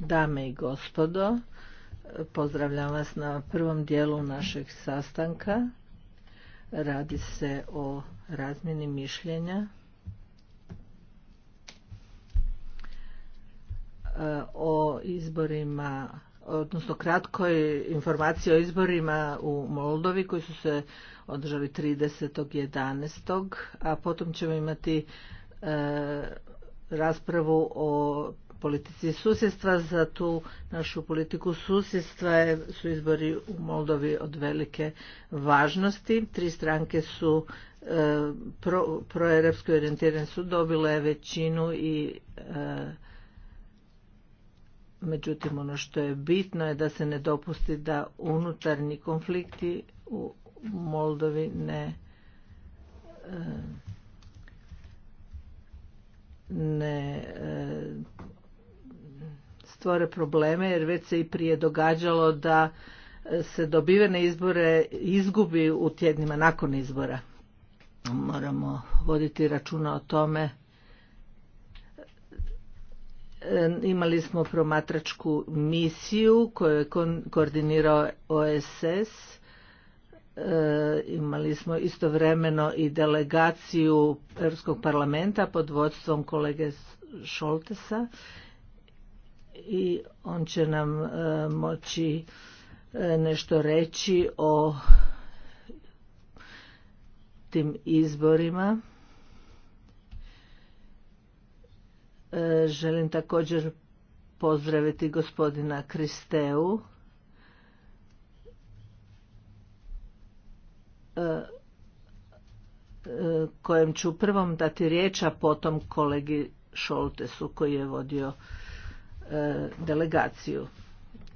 Dame i gospodo, pozdravljam vas na prvom dijelu našeg sastanka. Radi se o razmjeni mišljenja e, o izborima, odnosno kratkoj informaciji o izborima u Moldovi koji su se održali 30.11. a potom ćemo imati e, raspravu o politici susjedstva, za tu našu politiku susjedstva su izbori u Moldovi od velike važnosti. Tri stranke su e, pro, orijentirane su dobile većinu i e, međutim ono što je bitno je da se ne dopusti da unutarnji konflikti u Moldovi ne e, ne e, stvore probleme jer već se i prije događalo da se dobivene izbore izgubi u tjednima nakon izbora. Moramo voditi računa o tome. E, imali smo promatračku misiju koju je koordinirao OSS E, imali smo istovremeno i delegaciju Europskog parlamenta pod vodstvom kolege Šoltesa i on će nam e, moći e, nešto reći o tim izborima. Želim također pozdraviti gospodina Kristeu E, e, kojem ću prvom dati riječ, a potom kolegi Šoltesu koji je vodio e, delegaciju.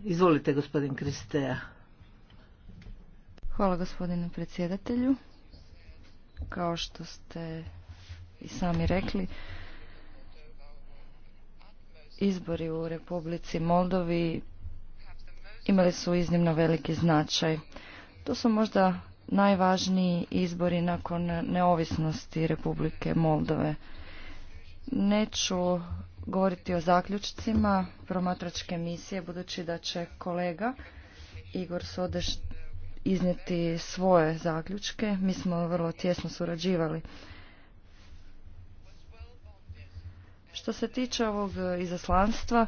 Izvolite gospodin Kristeja. Hvala gospodine predsjedatelju. Kao što ste i sami rekli, izbori u Republici Moldovi imali su iznimno veliki značaj. To su možda najvažniji izbori nakon neovisnosti Republike Moldove. Neću govoriti o zaključcima promatračke misije, budući da će kolega Igor Sodeš iznijeti svoje zaključke. Mi smo vrlo tjesno surađivali. Što se tiče ovog izaslanstva,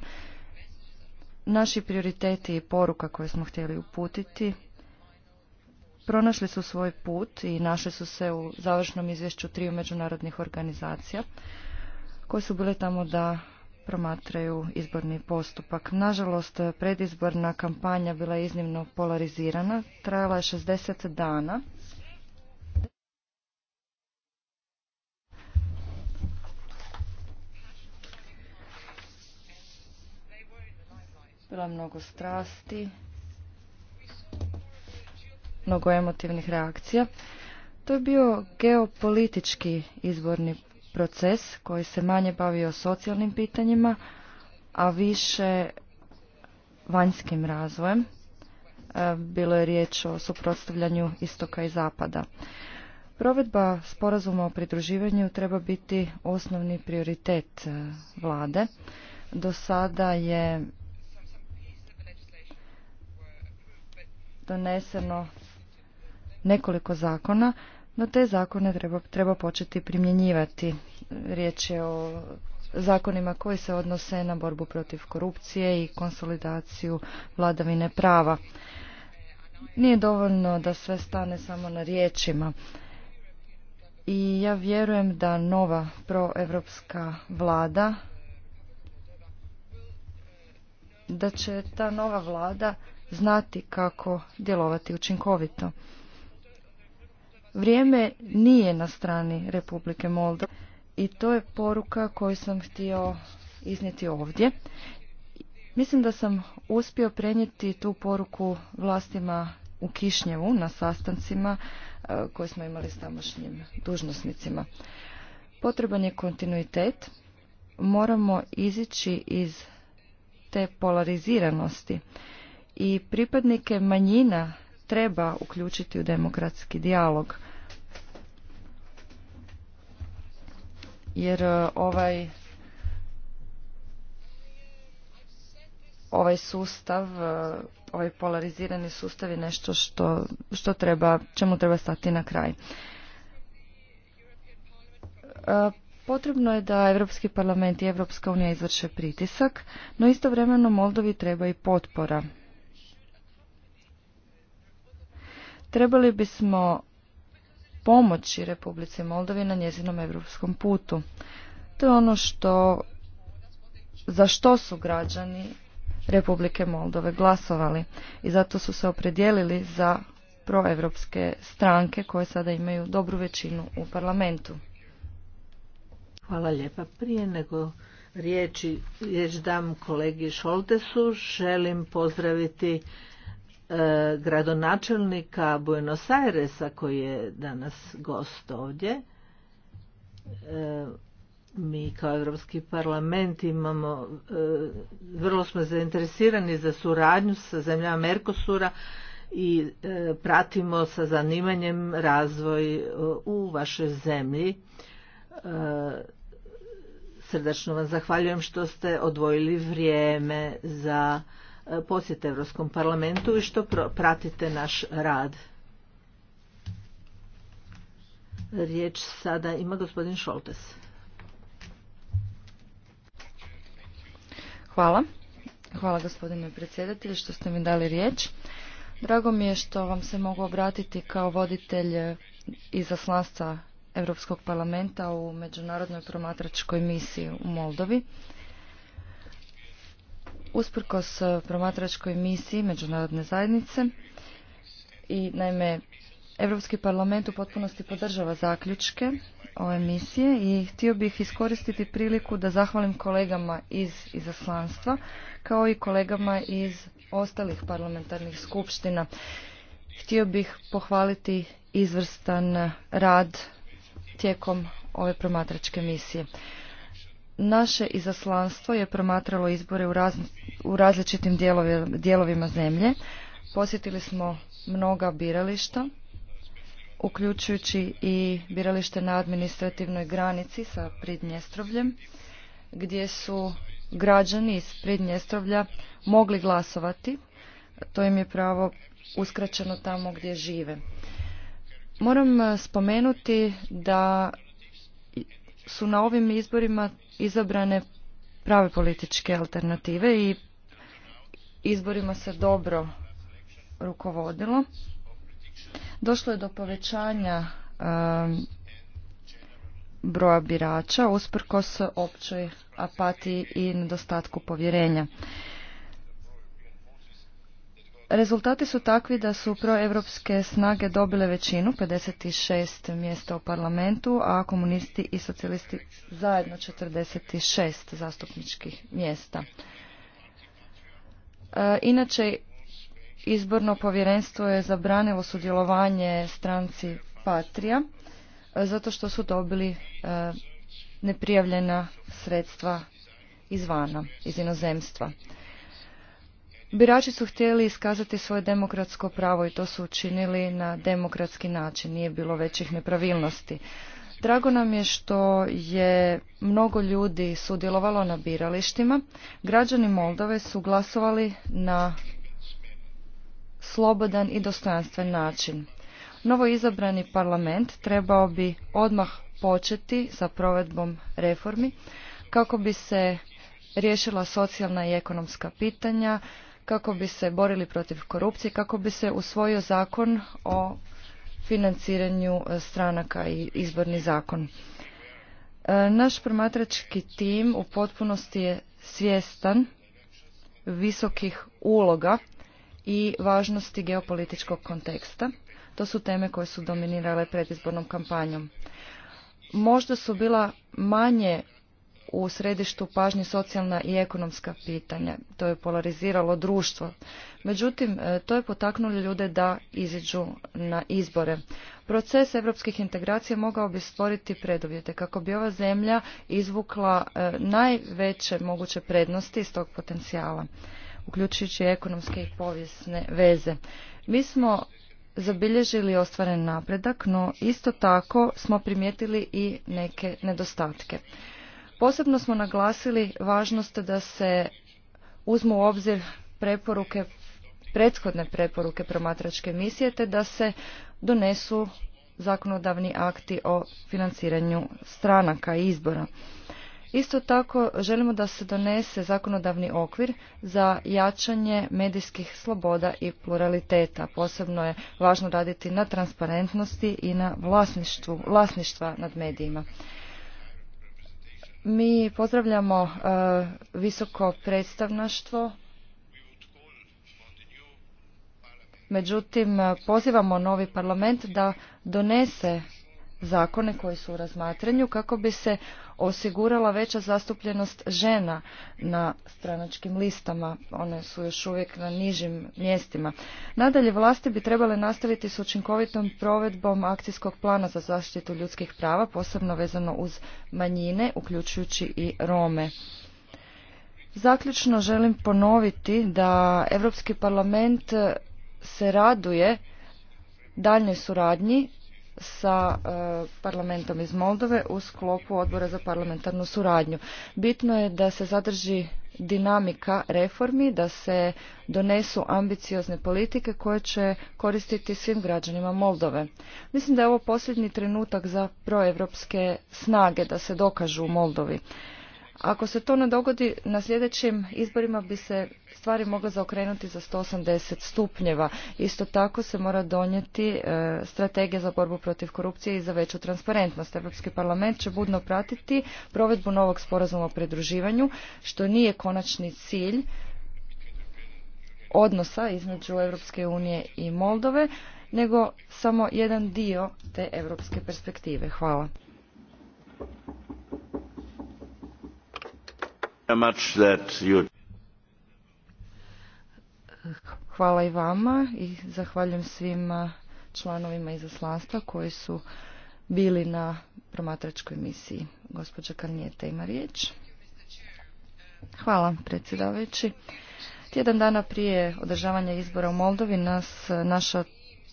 naši prioriteti i poruka koje smo htjeli uputiti pronašli su svoj put i našli su se u završnom izvješću triju međunarodnih organizacija koje su bile tamo da promatraju izborni postupak. Nažalost, predizborna kampanja bila je iznimno polarizirana, trajala je 60 dana. Bila mnogo strasti, mnogo emotivnih reakcija. To je bio geopolitički izborni proces koji se manje bavio socijalnim pitanjima, a više vanjskim razvojem. E, bilo je riječ o suprotstavljanju istoka i zapada. Provedba sporazuma o pridruživanju treba biti osnovni prioritet e, vlade. Do sada je doneseno nekoliko zakona, no te zakone treba, treba početi primjenjivati. Riječ je o zakonima koji se odnose na borbu protiv korupcije i konsolidaciju vladavine prava. Nije dovoljno da sve stane samo na riječima. I ja vjerujem da nova proevropska vlada da će ta nova vlada znati kako djelovati učinkovito. Vrijeme nije na strani Republike Moldova i to je poruka koju sam htio iznijeti ovdje. Mislim da sam uspio prenijeti tu poruku vlastima u Kišnjevu na sastancima e, koje smo imali s tamošnjim dužnosnicima. Potreban je kontinuitet. Moramo izići iz te polariziranosti i pripadnike manjina treba uključiti u demokratski dijalog. Jer eh, ovaj ovaj sustav, ovaj polarizirani sustav je nešto što, što treba, čemu treba stati na kraj. Eh, potrebno je da Europski parlament i Europska unija izvrše pritisak, no istovremeno Moldovi treba i potpora Trebali bismo pomoći Republici Moldovi na njezinom europskom putu. To je ono što, za što su građani Republike Moldove glasovali i zato su se opredijelili za proevropske stranke koje sada imaju dobru većinu u parlamentu. Hvala lijepa. Prije nego riječi, riječ dam kolegi Šoltesu, želim pozdraviti E, gradonačelnika Buenos Airesa koji je danas gost ovdje. E, mi kao Europski parlament imamo, e, vrlo smo zainteresirani za suradnju sa zemljama Merkosura i pratimo sa zanimanjem razvoj u vašoj zemlji. Srdačno vam zahvaljujem što ste odvojili vrijeme za posjet Europskom parlamentu i što pratite naš rad. Riječ sada ima gospodin Šoltes. Hvala. Hvala gospodine predsjedatelju što ste mi dali riječ. Drago mi je što vam se mogu obratiti kao voditelj izaslanstva Europskog parlamenta u međunarodnoj promatračkoj misiji u Moldovi usprkos e, promatračkoj misiji međunarodne zajednice i naime Europski parlament u potpunosti podržava zaključke ove misije i htio bih iskoristiti priliku da zahvalim kolegama iz izaslanstva kao i kolegama iz ostalih parlamentarnih skupština. Htio bih pohvaliti izvrstan rad tijekom ove promatračke misije. Naše izaslanstvo je promatralo izbore u, raz, različitim dijelovima zemlje. Posjetili smo mnoga birališta, uključujući i biralište na administrativnoj granici sa Pridnjestrovljem, gdje su građani iz Pridnjestrovlja mogli glasovati. To im je pravo uskraćeno tamo gdje žive. Moram eh, spomenuti da su na ovim izborima izabrane prave političke alternative i izborima se dobro rukovodilo. Došlo je do povećanja um, broja birača usprkos općoj apatiji i nedostatku povjerenja. Rezultati su takvi da su proevropske snage dobile većinu, 56 mjesta u parlamentu, a komunisti i socijalisti zajedno 46 zastupničkih mjesta. E, inače, izborno povjerenstvo je zabranilo sudjelovanje stranci Patria, e, zato što su dobili e, neprijavljena sredstva izvana, iz inozemstva. Birači su htjeli iskazati svoje demokratsko pravo i to su učinili na demokratski način, nije bilo većih nepravilnosti. Drago nam je što je mnogo ljudi sudjelovalo na biralištima. Građani Moldove su glasovali na slobodan i dostojanstven način. Novo izabrani parlament trebao bi odmah početi sa provedbom reformi kako bi se riješila socijalna i ekonomska pitanja, kako bi se borili protiv korupcije, kako bi se usvojio zakon o financiranju e, stranaka i izborni zakon. E, naš promatrački tim u potpunosti je svjestan visokih uloga i važnosti geopolitičkog konteksta. To su teme koje su dominirale predizbornom kampanjom. Možda su bila manje u središtu pažnje socijalna i ekonomska pitanja. To je polariziralo društvo. Međutim, e, to je potaknulo ljude da iziđu na izbore. Proces europskih integracija mogao bi stvoriti preduvjete kako bi ova zemlja izvukla e, najveće moguće prednosti iz tog potencijala, uključujući ekonomske i povijesne veze. Mi smo zabilježili ostvaren napredak, no isto tako smo primijetili i neke nedostatke. Posebno smo naglasili važnost da se uzmu u obzir preporuke, prethodne preporuke promatračke misije te da se donesu zakonodavni akti o financiranju stranaka i izbora. Isto tako želimo da se donese zakonodavni okvir za jačanje medijskih sloboda i pluraliteta. Posebno je važno raditi na transparentnosti i na vlasništvu, vlasništva nad medijima. Mi pozdravljamo e, visoko predstavnaštvo, međutim e, pozivamo novi parlament da donese zakone koji su u razmatranju kako bi se osigurala veća zastupljenost žena na stranačkim listama. One su još uvijek na nižim mjestima. Nadalje, vlasti bi trebale nastaviti s učinkovitom provedbom akcijskog plana za zaštitu ljudskih prava, posebno vezano uz manjine, uključujući i Rome. Zaključno želim ponoviti da Europski parlament se raduje daljnjoj suradnji sa e, parlamentom iz Moldove u sklopu odbora za parlamentarnu suradnju. Bitno je da se zadrži dinamika reformi, da se donesu ambiciozne politike koje će koristiti svim građanima Moldove. Mislim da je ovo posljednji trenutak za proevropske snage da se dokažu u Moldovi. Ako se to ne dogodi, na sljedećim izborima bi se stvari mogle zaokrenuti za 180 stupnjeva. Isto tako se mora donijeti e, strategija za borbu protiv korupcije i za veću transparentnost. Europski parlament će budno pratiti provedbu novog sporazuma o pridruživanju, što nije konačni cilj odnosa između Europske unije i Moldove, nego samo jedan dio te europske perspektive. Hvala. Hvala i vama i zahvaljujem svima članovima izaslanstva koji su bili na promatračkoj misiji. Gospođa Karnijeta ima riječ. Hvala predsjedavajući. Tjedan dana prije održavanja izbora u Moldovi nas naša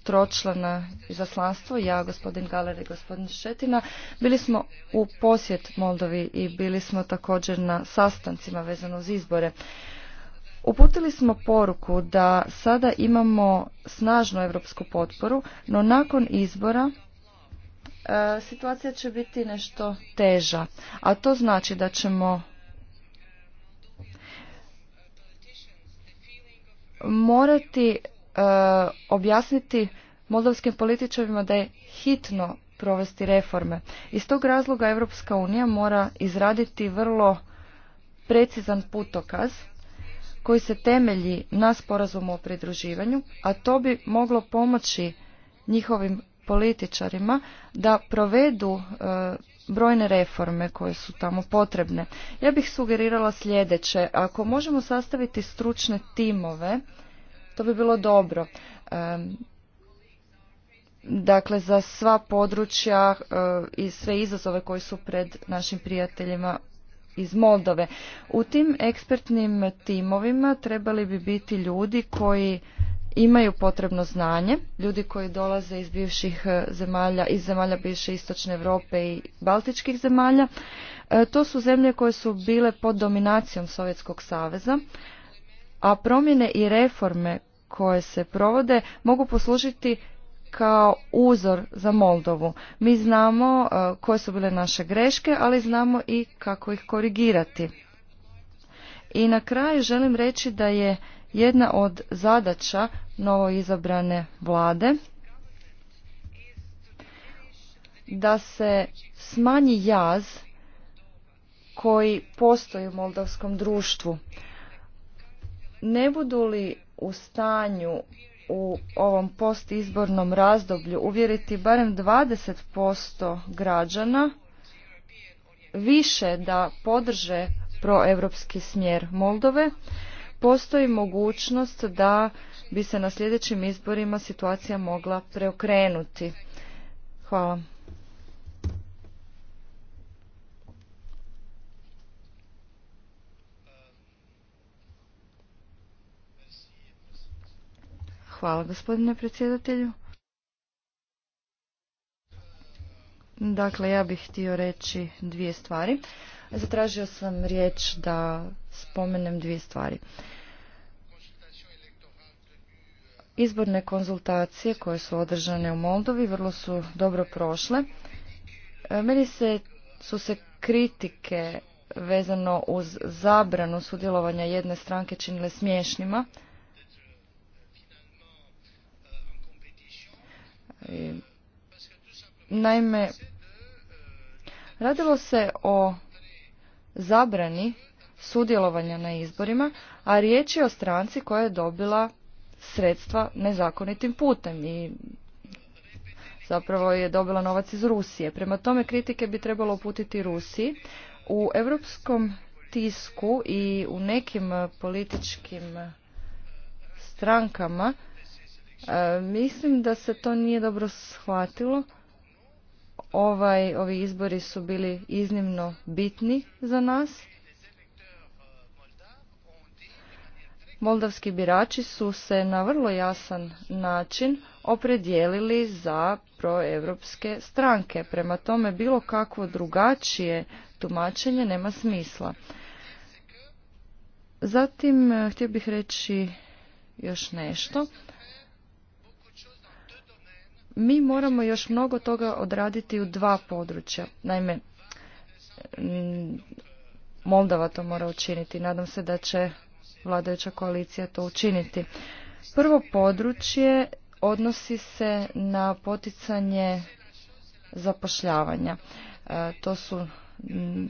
tročlana izaslanstvo, ja, gospodin Galer i gospodin Šetina, bili smo u posjet Moldovi i bili smo također na sastancima vezano uz izbore. Uputili smo poruku da sada imamo snažnu europsku potporu, no nakon izbora e, situacija će biti nešto teža, a to znači da ćemo morati e, objasniti moldavskim političarima da je hitno provesti reforme. Iz tog razloga Europska unija mora izraditi vrlo precizan putokaz koji se temelji na sporazumu o pridruživanju, a to bi moglo pomoći njihovim političarima da provedu e, brojne reforme koje su tamo potrebne. Ja bih sugerirala sljedeće. Ako možemo sastaviti stručne timove, to bi bilo dobro. E, dakle, za sva područja e, i sve izazove koji su pred našim prijateljima iz Moldove. U tim ekspertnim timovima trebali bi biti ljudi koji imaju potrebno znanje, ljudi koji dolaze iz bivših eh, zemalja, iz zemalja bivše istočne Europe i baltičkih zemalja. Eh, to su zemlje koje su bile pod dominacijom Sovjetskog saveza, a promjene i reforme koje se provode mogu poslužiti kao uzor za Moldovu. Mi znamo e, koje su bile naše greške, ali znamo i kako ih korigirati. I na kraju želim reći da je jedna od zadaća izabrane vlade da se smanji jaz koji postoji u moldavskom društvu. Ne budu li u stanju u ovom postizbornom razdoblju uvjeriti barem 20% građana više da podrže proevropski smjer Moldove, postoji mogućnost da bi se na sljedećim izborima situacija mogla preokrenuti. Hvala. Hvala gospodine predsjedatelju. Dakle, ja bih htio reći dvije stvari. Zatražio sam riječ da spomenem dvije stvari. Izborne konzultacije koje su održane u Moldovi vrlo su dobro prošle. E, meni se, su se kritike vezano uz zabranu sudjelovanja jedne stranke činile smiješnima Naime, radilo se o zabrani sudjelovanja na izborima, a riječ je o stranci koja je dobila sredstva nezakonitim putem i zapravo je dobila novac iz Rusije. Prema tome kritike bi trebalo uputiti Rusiji. U europskom tisku i u nekim političkim strankama E, mislim da se to nije dobro shvatilo. Ovaj, ovi izbori su bili iznimno bitni za nas. Moldavski birači su se na vrlo jasan način opredijelili za proevropske stranke. Prema tome bilo kakvo drugačije tumačenje nema smisla. Zatim e, htio bih reći još nešto. Mi moramo još mnogo toga odraditi u dva područja. Naime, mm, Moldava to mora učiniti. Nadam se da će vladajuća koalicija to učiniti. Prvo područje odnosi se na poticanje zapošljavanja. E, to su mm,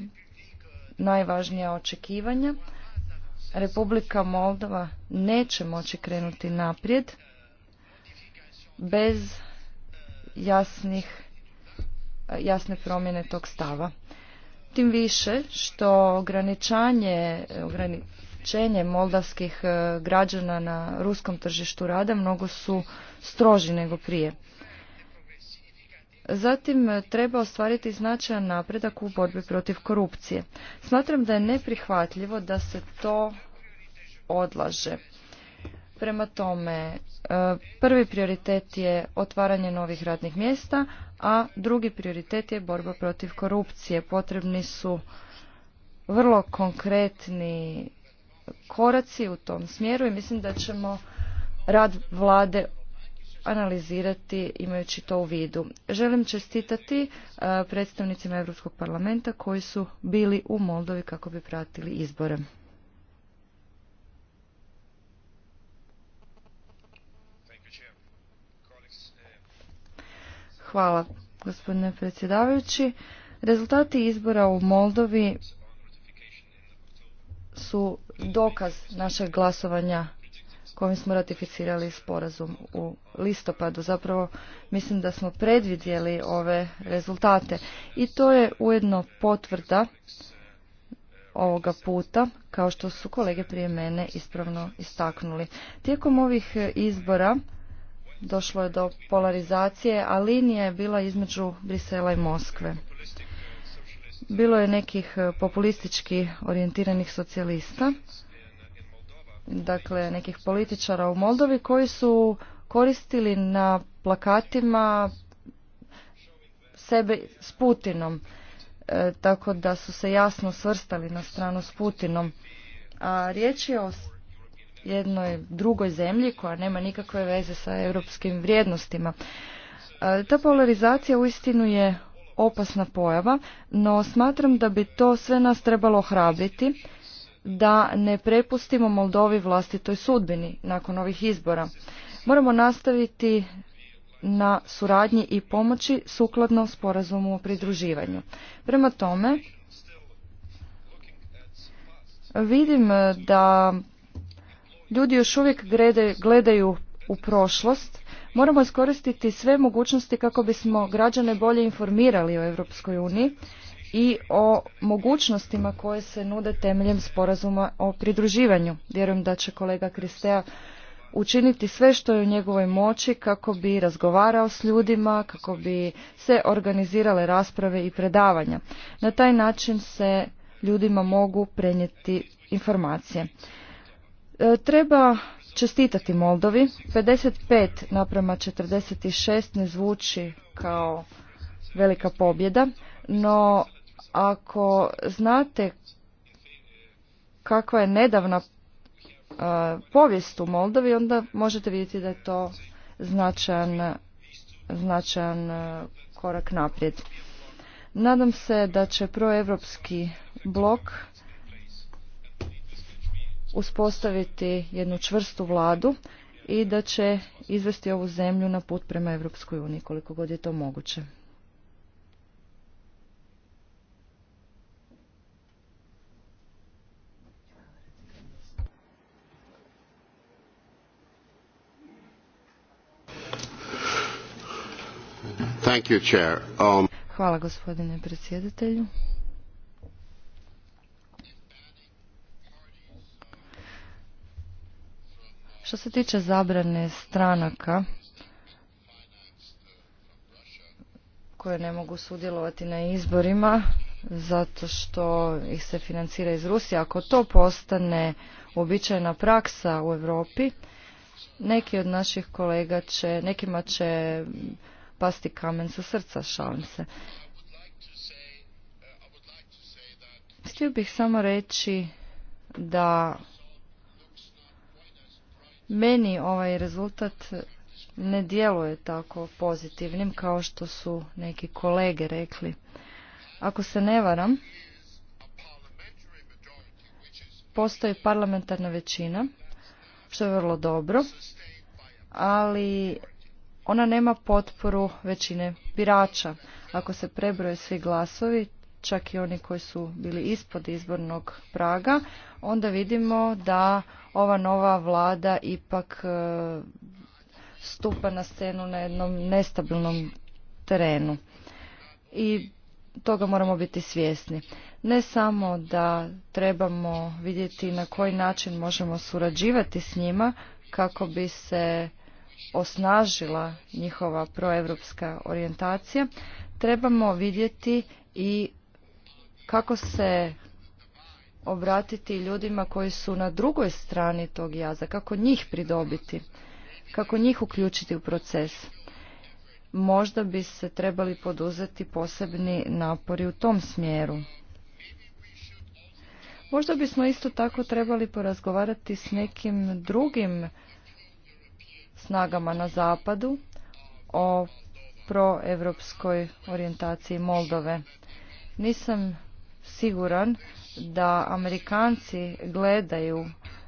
najvažnija očekivanja. Republika Moldova neće moći krenuti naprijed bez jasnih, jasne promjene tog stava. Tim više što ograničanje, ograničenje moldavskih e, građana na ruskom tržištu rada mnogo su stroži nego prije. Zatim e, treba ostvariti značajan napredak u borbi protiv korupcije. Smatram da je neprihvatljivo da se to odlaže. Prema tome, e, prvi prioritet je otvaranje novih radnih mjesta, a drugi prioritet je borba protiv korupcije. Potrebni su vrlo konkretni koraci u tom smjeru i mislim da ćemo rad vlade analizirati imajući to u vidu. Želim čestitati e, predstavnicima Europskog parlamenta koji su bili u Moldovi kako bi pratili izbore. Hvala, gospodine predsjedavajući. Rezultati izbora u Moldovi su dokaz našeg glasovanja kojim smo ratificirali sporazum u listopadu. Zapravo mislim da smo predvidjeli ove rezultate i to je ujedno potvrda ovoga puta, kao što su kolege prije mene ispravno istaknuli. Tijekom ovih izbora došlo je do polarizacije, a linija je bila između Brisela i Moskve. Bilo je nekih e, populistički orijentiranih socijalista, dakle nekih političara u Moldovi koji su koristili na plakatima sebe s Putinom, e, tako da su se jasno svrstali na stranu s Putinom. A riječ je o jednoj drugoj zemlji koja nema nikakve veze sa europskim vrijednostima. E, ta polarizacija uistinu je opasna pojava, no smatram da bi to sve nas trebalo hrabriti da ne prepustimo Moldovi vlastitoj sudbini nakon ovih izbora. Moramo nastaviti na suradnji i pomoći sukladno sporazumu o pridruživanju. Prema tome, vidim da ljudi još uvijek gledaju u prošlost, moramo iskoristiti sve mogućnosti kako bismo građane bolje informirali o Europskoj uniji i o mogućnostima koje se nude temeljem sporazuma o pridruživanju. Vjerujem da će kolega Kristea učiniti sve što je u njegovoj moći kako bi razgovarao s ljudima, kako bi se organizirale rasprave i predavanja. Na taj način se ljudima mogu prenijeti informacije. E, treba čestitati Moldovi. 55 naprema 46 ne zvuči kao velika pobjeda, no ako znate kakva je nedavna e, povijest u Moldovi, onda možete vidjeti da je to značajan, značajan e, korak naprijed. Nadam se da će proevropski blok uspostaviti jednu čvrstu vladu i da će izvesti ovu zemlju na put prema Europskoj uniji koliko god je to moguće. Um, Hvala gospodine predsjedatelju. Što se tiče zabrane stranaka koje ne mogu sudjelovati na izborima zato što ih se financira iz Rusije, ako to postane uobičajena praksa u Europi, neki od naših kolega će, nekima će pasti kamen sa srca, šalim se. Htio bih samo reći da meni ovaj rezultat ne djeluje tako pozitivnim kao što su neki kolege rekli. Ako se ne varam, postoji parlamentarna većina, što je vrlo dobro, ali ona nema potporu većine birača. Ako se prebroje svi glasovi, čak i oni koji su bili ispod izbornog praga, onda vidimo da ova nova vlada ipak e, stupa na scenu na jednom nestabilnom terenu. I toga moramo biti svjesni. Ne samo da trebamo vidjeti na koji način možemo surađivati s njima kako bi se osnažila njihova proevropska orijentacija, trebamo vidjeti i kako se obratiti ljudima koji su na drugoj strani tog jaza, kako njih pridobiti, kako njih uključiti u proces. Možda bi se trebali poduzeti posebni napori u tom smjeru. Možda bismo isto tako trebali porazgovarati s nekim drugim snagama na zapadu o proevropskoj orijentaciji Moldove. Nisam siguran da Amerikanci gledaju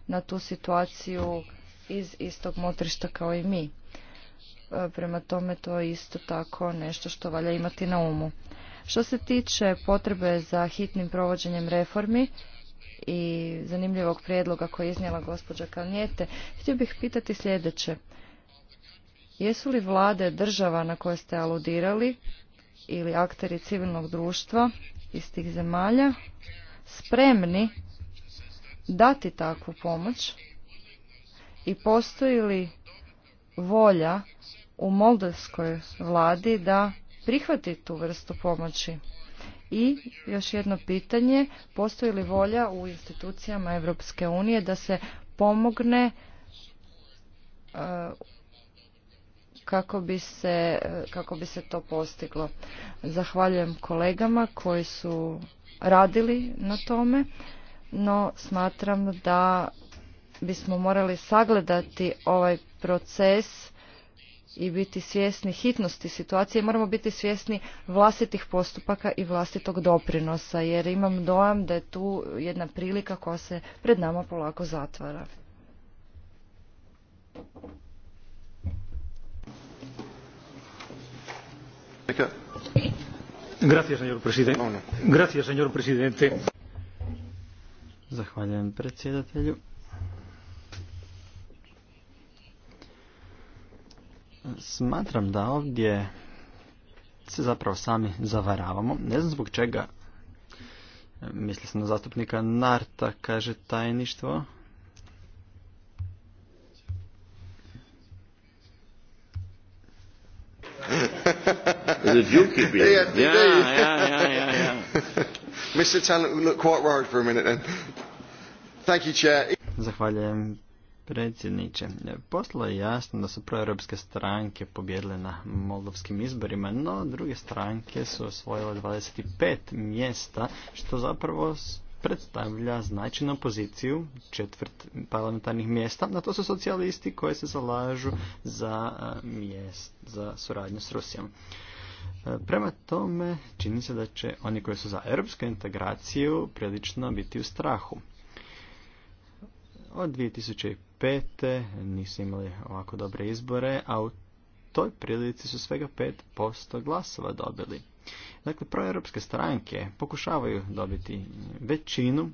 na tu situaciju iz istog motrišta kao i mi. E, prema tome to je isto tako nešto što valja imati na umu. Što se tiče potrebe za hitnim provođenjem reformi i zanimljivog prijedloga koji je iznijela gospođa Kalnijete, htio bih pitati sljedeće. Jesu li vlade država na koje ste aludirali ili akteri civilnog društva iz tih zemalja spremni dati takvu pomoć i postoji li volja u moldavskoj vladi da prihvati tu vrstu pomoći? I još jedno pitanje, postoji li volja u institucijama Europske unije da se pomogne e, kako bi se, e, kako bi se to postiglo. Zahvaljujem kolegama koji su radili na tome, no smatram da bismo morali sagledati ovaj proces i biti svjesni hitnosti situacije, moramo biti svjesni vlastitih postupaka i vlastitog doprinosa, jer imam dojam da je tu jedna prilika koja se pred nama polako zatvara. señor presidente. Zahvaljujem predsjedatelju. Smatram da ovdje se zapravo sami zavaravamo. Ne znam zbog čega. Misli sam na zastupnika Narta, kaže tajništvo. the dookie beer. yeah, Mr. quite worried for a minute then. Thank you, Chair. Zahvaljujem predsjedniče. posla je jasno da su proeuropske stranke pobjedile na moldovskim izborima, no druge stranke su osvojile 25 mjesta, što zapravo predstavlja značajnu poziciju četvrt parlamentarnih mjesta, na to su socijalisti koji se zalažu za, eh, mjest, za suradnju s Rusijom. E, prema tome, čini se da će oni koji su za europsku integraciju prilično biti u strahu. Od 2005. nisu imali ovako dobre izbore, a u toj prilici su svega 5% glasova dobili. Dakle, proeuropske stranke pokušavaju dobiti većinu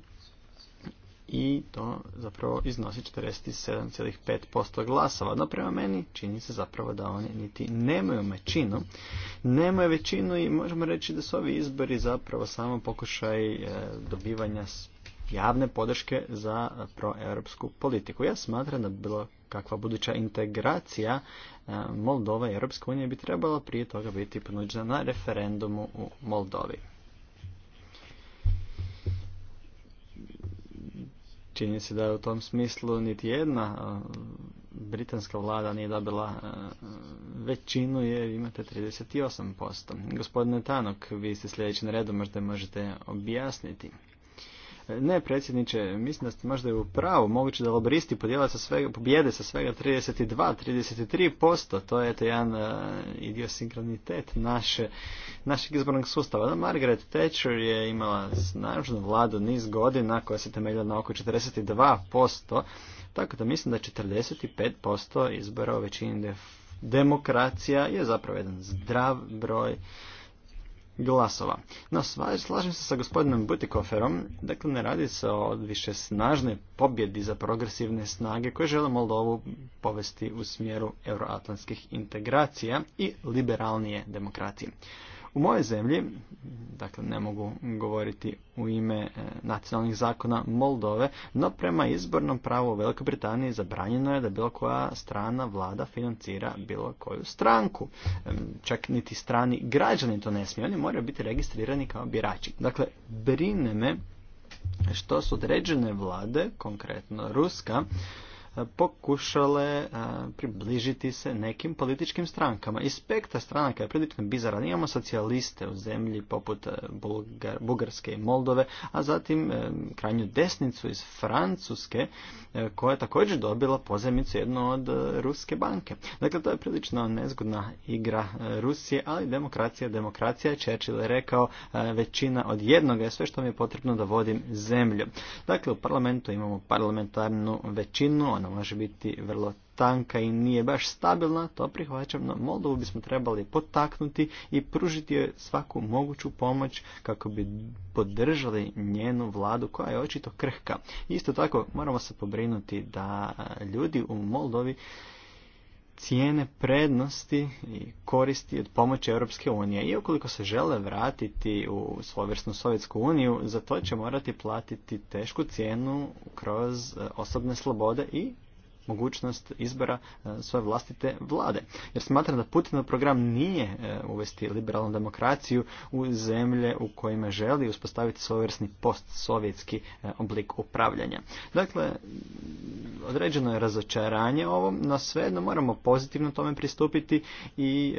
i to zapravo iznosi 47,5% glasova. No prema meni čini se zapravo da oni niti nemaju većinu. Nemaju većinu i možemo reći da su ovi izbori zapravo samo pokušaj e, dobivanja javne podrške za proeuropsku politiku. Ja smatram da bilo kakva buduća integracija e, Moldova i Europske unije bi trebala prije toga biti ponuđena na referendumu u Moldovi. Čini se da je u tom smislu niti jedna britanska vlada nije dobila većinu jer imate 38%. Gospodine Tanok, vi ste sljedeći na redu, možda možete objasniti. Ne, predsjedniče, mislim da ste možda i u pravu. Moguće da lobristi podijela sa svega, pobjede sa svega 32-33%. To je to jedan uh, naše, našeg izbornog sustava. Da, Margaret Thatcher je imala snažnu vladu niz godina koja se temeljila na oko 42%. Tako da mislim da 45% izbora u većini demokracija je zapravo jedan zdrav broj glasova. No, slažem se sa gospodinom Butikoferom, dakle ne radi se o više snažnoj pobjedi za progresivne snage koje žele Moldovu povesti u smjeru euroatlantskih integracija i liberalnije demokracije. U mojoj zemlji, dakle ne mogu govoriti u ime e, nacionalnih zakona Moldove, no prema izbornom pravu u Velikoj Britaniji zabranjeno je da bilo koja strana vlada financira bilo koju stranku. E, čak niti strani građani to ne smije, oni moraju biti registrirani kao birači. Dakle, brine me što su određene vlade, konkretno Ruska, pokušale e, približiti se nekim političkim strankama. I spekta stranaka je prilično bizaran. Imamo socijaliste u zemlji poput e, Bugarske i Moldove, a zatim e, krajnju desnicu iz Francuske koja je također dobila pozemicu jednu od Ruske banke. Dakle, to je prilično nezgodna igra Rusije, ali demokracija, demokracija, Churchill je rekao većina od jednoga je sve što mi je potrebno da vodim zemlju. Dakle, u parlamentu imamo parlamentarnu većinu, ona može biti vrlo tanka i nije baš stabilna, to prihvaćam, no Moldovu bismo trebali potaknuti i pružiti joj svaku moguću pomoć kako bi podržali njenu vladu koja je očito krhka. Isto tako moramo se pobrinuti da ljudi u Moldovi cijene prednosti i koristi od pomoći Europske unije. I ukoliko se žele vratiti u svojevrsnu Sovjetsku uniju, za to će morati platiti tešku cijenu kroz e, osobne slobode i mogućnost izbora e, svoje vlastite vlade. Jer smatram da Putinov program nije e, uvesti liberalnu demokraciju u zemlje u kojima želi uspostaviti svojevrsni postsovjetski e, oblik upravljanja. Dakle, određeno je razočaranje ovom, no svejedno moramo pozitivno tome pristupiti i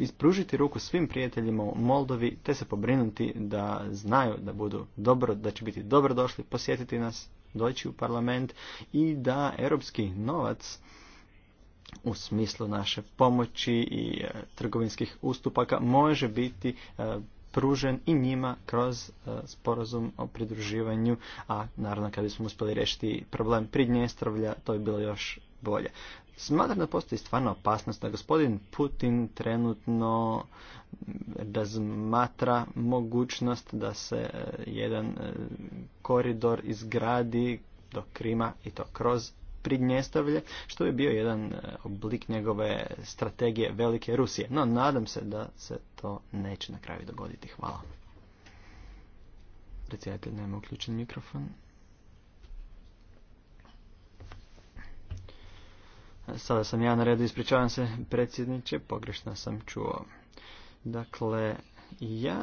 ispružiti ruku svim prijateljima u Moldovi te se pobrinuti da znaju da budu dobro, da će biti dobro došli posjetiti nas doći u parlament i da europski novac u smislu naše pomoći i e, trgovinskih ustupaka može biti e, pružen i njima kroz e, sporazum o pridruživanju, a naravno kad bismo uspjeli riješiti problem Pridnjestrovlja, to bi bilo još bolje. Smatram da postoji stvarno opasnost da gospodin Putin trenutno razmatra mogućnost da se e, jedan e, koridor izgradi do Krima i to kroz Pridnjestavlje, što bi bio jedan e, oblik njegove strategije Velike Rusije. No, nadam se da se to neće na kraju dogoditi. Hvala. Predsjedatelj, nema uključen mikrofon. Sada sam ja na redu, ispričavam se, predsjedniče, pogrešno sam čuo. Dakle, ja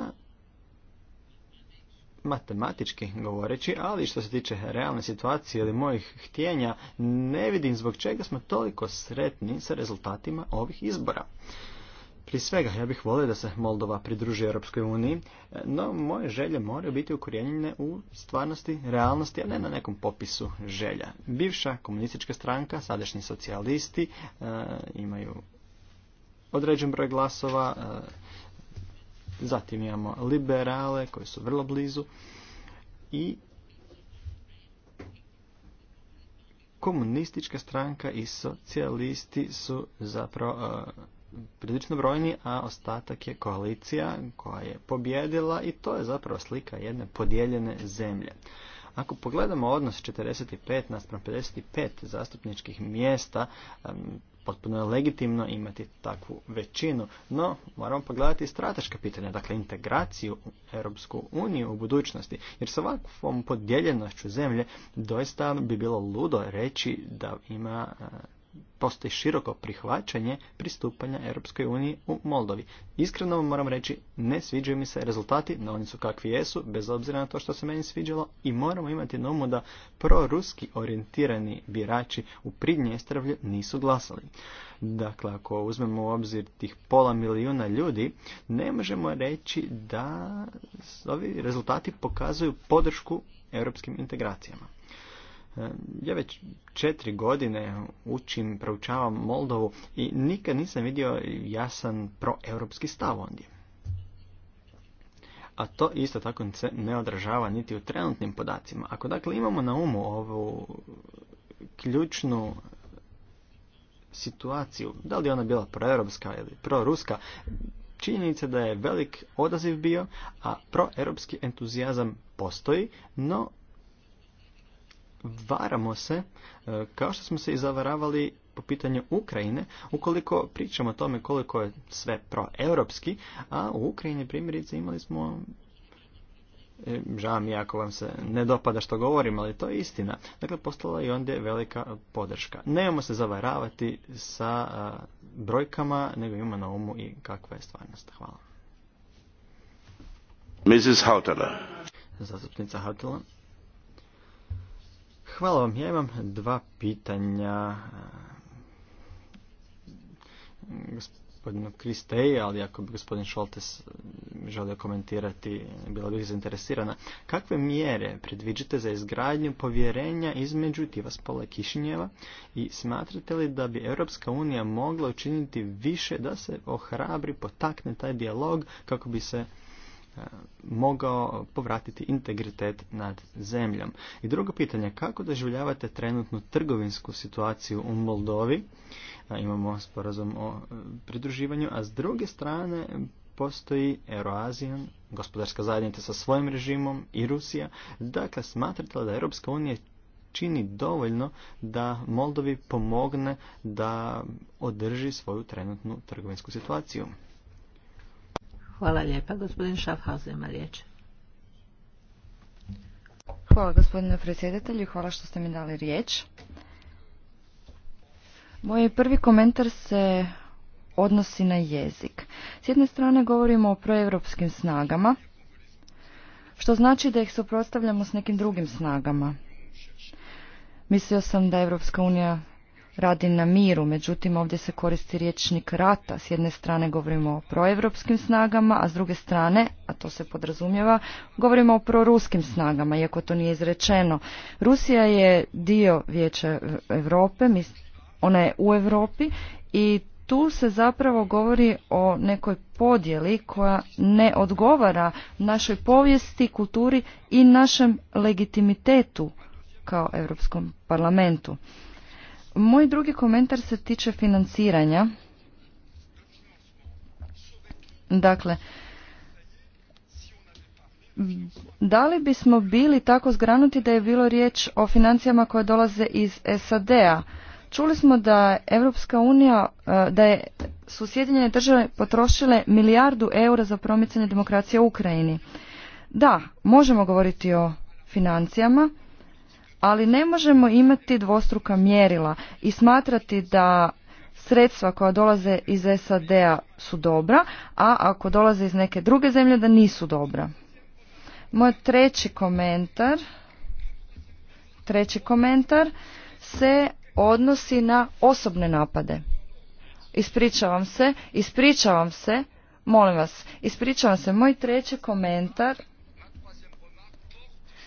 matematički govoreći, ali što se tiče realne situacije ili mojih htjenja, ne vidim zbog čega smo toliko sretni sa rezultatima ovih izbora. Prije svega, ja bih volio da se Moldova pridruži Europskoj uniji, no moje želje moraju biti ukorijenjene u stvarnosti, realnosti, a ne na nekom popisu želja. Bivša komunistička stranka, sadašnji socijalisti, eh, imaju određen broj glasova, eh, Zatim imamo liberale koji su vrlo blizu i komunistička stranka i socijalisti su zapravo e, prilično brojni, a ostatak je koalicija koja je pobjedila i to je zapravo slika jedne podijeljene zemlje. Ako pogledamo odnos 45 naspram 55 zastupničkih mjesta, potpuno je legitimno imati takvu većinu, no moramo pogledati strateška pitanja, dakle integraciju u Europsku uniju u budućnosti, jer sa ovakvom podijeljenošću zemlje doista bi bilo ludo reći da ima postoji široko prihvaćanje pristupanja Europskoj uniji u Moldovi. Iskreno moram reći, ne sviđaju mi se rezultati, no oni su kakvi jesu, bez obzira na to što se meni sviđalo i moramo imati na umu da proruski orijentirani birači u stravlje nisu glasali. Dakle, ako uzmemo u obzir tih pola milijuna ljudi, ne možemo reći da ovi rezultati pokazuju podršku europskim integracijama. Ja već četiri godine učim, proučavam Moldovu i nikad nisam vidio jasan proeuropski stav ondje. A to isto tako se ne odražava niti u trenutnim podacima. Ako dakle imamo na umu ovu ključnu situaciju, da li ona bila proeuropska ili proruska, činjenica da je velik odaziv bio, a proeuropski entuzijazam postoji, no varamo se, e, kao što smo se i zavaravali po pitanju Ukrajine, ukoliko pričamo o tome koliko je sve proeuropski, a u Ukrajini primjerice imali smo e, žao mi ako vam se ne dopada što govorim, ali to je istina. Dakle, postala i ondje velika podrška. Nemamo se zavaravati sa brojkama, nego imamo na umu i kakva je stvarnost. Hvala. Mrs. Hautala. Zastupnica Hautala. Hvala vam. Ja imam dva pitanja gospodinu Kristeji, ali ako bi gospodin Šoltes želio komentirati, bila bih zainteresirana. Kakve mjere predviđate za izgradnju povjerenja između Tivaspola i Kišinjeva i smatrate li da bi Europska unija mogla učiniti više da se ohrabri, potakne taj dijalog kako bi se mogao povratiti integritet nad zemljom. I drugo pitanje, kako doživljavate trenutnu trgovinsku situaciju u Moldovi? Imamo sporazum o e, pridruživanju, a s druge strane postoji Euroazijan, gospodarska zajednica sa svojim režimom i Rusija. Dakle, smatrate li da Europska unija čini dovoljno da Moldovi pomogne da održi svoju trenutnu trgovinsku situaciju? Hvala lijepa. Gospodin Schaffhausen ima riječ. Hvala gospodine predsjedatelju, hvala što ste mi dali riječ. Moj prvi komentar se odnosi na jezik. S jedne strane govorimo o proevropskim snagama, što znači da ih suprotstavljamo s nekim drugim snagama. Mislio sam da Evropska unija radi na miru, međutim ovdje se koristi riječnik rata. S jedne strane govorimo o proevropskim snagama, a s druge strane, a to se podrazumijeva, govorimo o proruskim snagama, iako to nije izrečeno. Rusija je dio Vijeća Europe, ona je u Europi i tu se zapravo govori o nekoj podjeli koja ne odgovara našoj povijesti, kulturi i našem legitimitetu kao Europskom parlamentu. Moj drugi komentar se tiče financiranja. Dakle, da li bismo bili tako zgranuti da je bilo riječ o financijama koje dolaze iz SAD-a? Čuli smo da Europska unija, e, da je su Sjedinjene države potrošile milijardu eura za promicanje demokracije u Ukrajini. Da, možemo govoriti o financijama, ali ne možemo imati dvostruka mjerila i smatrati da sredstva koja dolaze iz SAD-a su dobra, a ako dolaze iz neke druge zemlje da nisu dobra. Moj treći komentar, treći komentar se odnosi na osobne napade. Ispričavam se, ispričavam se, molim vas, ispričavam se, moj treći komentar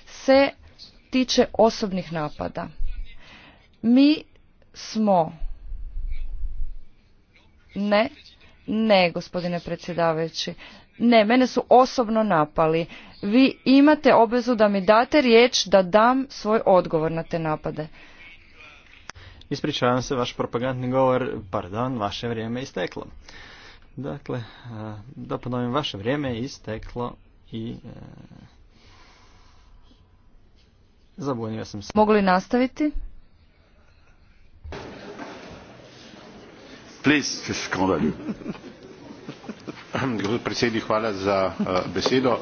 se tiče osobnih napada. Mi smo... Ne, ne, gospodine predsjedavajući. Ne, mene su osobno napali. Vi imate obvezu da mi date riječ da dam svoj odgovor na te napade. Ispričavam se, vaš propagandni govor, pardon, vaše vrijeme je isteklo. Dakle, da ponovim, vaše vrijeme je isteklo i... E, Zabunio sam se. Mogu li nastaviti? Please, Gospod predsednik, hvala za eh, besedo.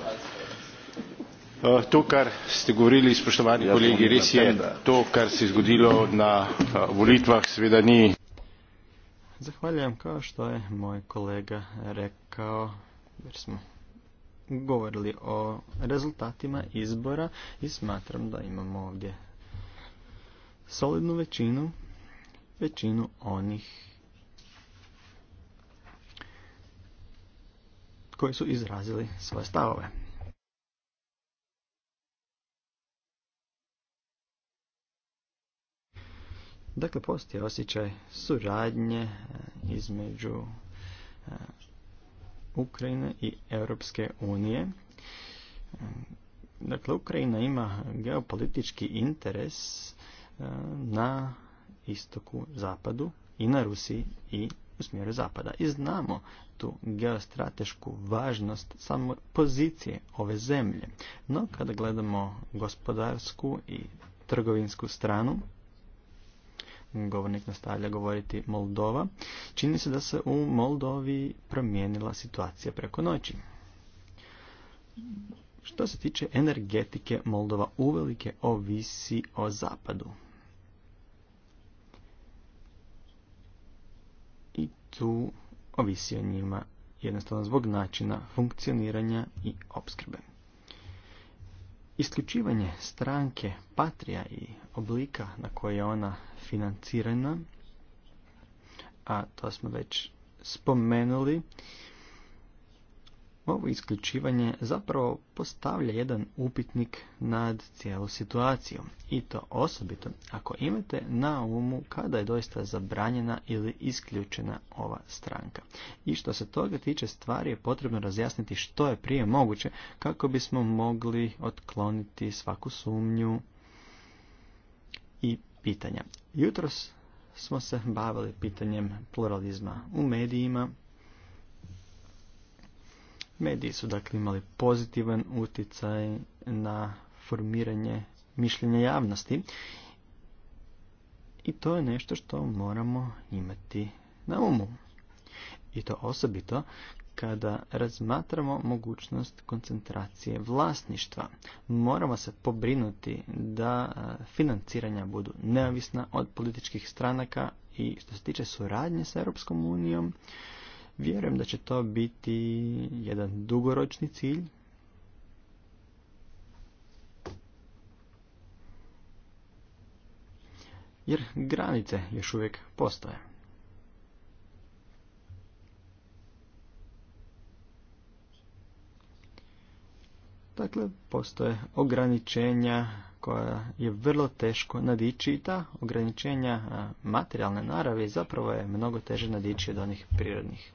Eh, to, kar ste govorili, spoštovani kolegi, res je to, kar se je zgodilo na eh, volitvah, seveda ni. Zahvaljujem, kao što je moj kolega rekao, jer smo govorili o rezultatima izbora i smatram da imamo ovdje solidnu većinu, većinu onih koji su izrazili svoje stavove. Dakle, postoji osjećaj suradnje eh, između eh, Ukrajine i Europske unije. Dakle, Ukrajina ima geopolitički interes e, na istoku, zapadu i na Rusiji i u smjeru zapada. I znamo tu geostratešku važnost samo pozicije ove zemlje. No, kada gledamo gospodarsku i trgovinsku stranu, govornik nastavlja govoriti Moldova, čini se da se u Moldovi promijenila situacija preko noći. Što se tiče energetike, Moldova uvelike ovisi o zapadu. I tu ovisi o njima jednostavno zbog načina funkcioniranja i opskrbe. Isključivanje stranke Patrija i oblika na koje je ona financirana, a to smo već spomenuli, ovo isključivanje zapravo postavlja jedan upitnik nad cijelu situaciju i to osobito ako imate na umu kada je doista zabranjena ili isključena ova stranka. I što se toga tiče stvari je potrebno razjasniti što je prije moguće kako bismo mogli otkloniti svaku sumnju i pitanja. Jutros smo se bavili pitanjem pluralizma u medijima Mediji su dakle imali pozitivan utjecaj na formiranje mišljenja javnosti i to je nešto što moramo imati na umu. I to osobito kada razmatramo mogućnost koncentracije vlasništva. Moramo se pobrinuti da financiranja budu neovisna od političkih stranaka i što se tiče suradnje sa Europskom unijom, Vjerujem da će to biti jedan dugoročni cilj. Jer granice još uvijek postoje. Dakle, postoje ograničenja koja je vrlo teško nadići i ta ograničenja materijalne naravi zapravo je mnogo teže nadići od onih prirodnih.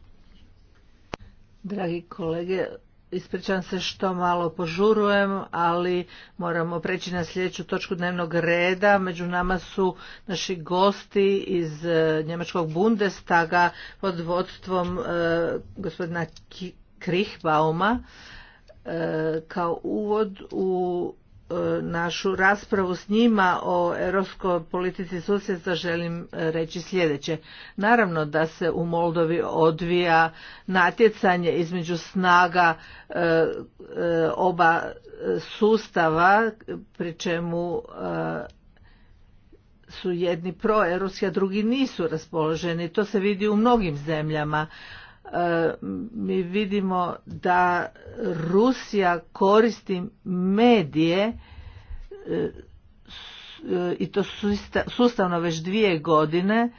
Dragi kolege, ispričam se što malo požurujem, ali moramo preći na sljedeću točku dnevnog reda. Među nama su naši gosti iz e, Njemačkog Bundestaga pod vodstvom e, gospodina Krihbauma. E, kao uvod u E, našu raspravu s njima o europskoj politici susjedstva želim e, reći sljedeće. Naravno da se u Moldovi odvija natjecanje između snaga e, oba sustava, pri čemu su jedni proeuropski, a drugi nisu raspoloženi. To se vidi u mnogim zemljama, mi vidimo da Rusija koristi medije e, i to sustavno već dvije godine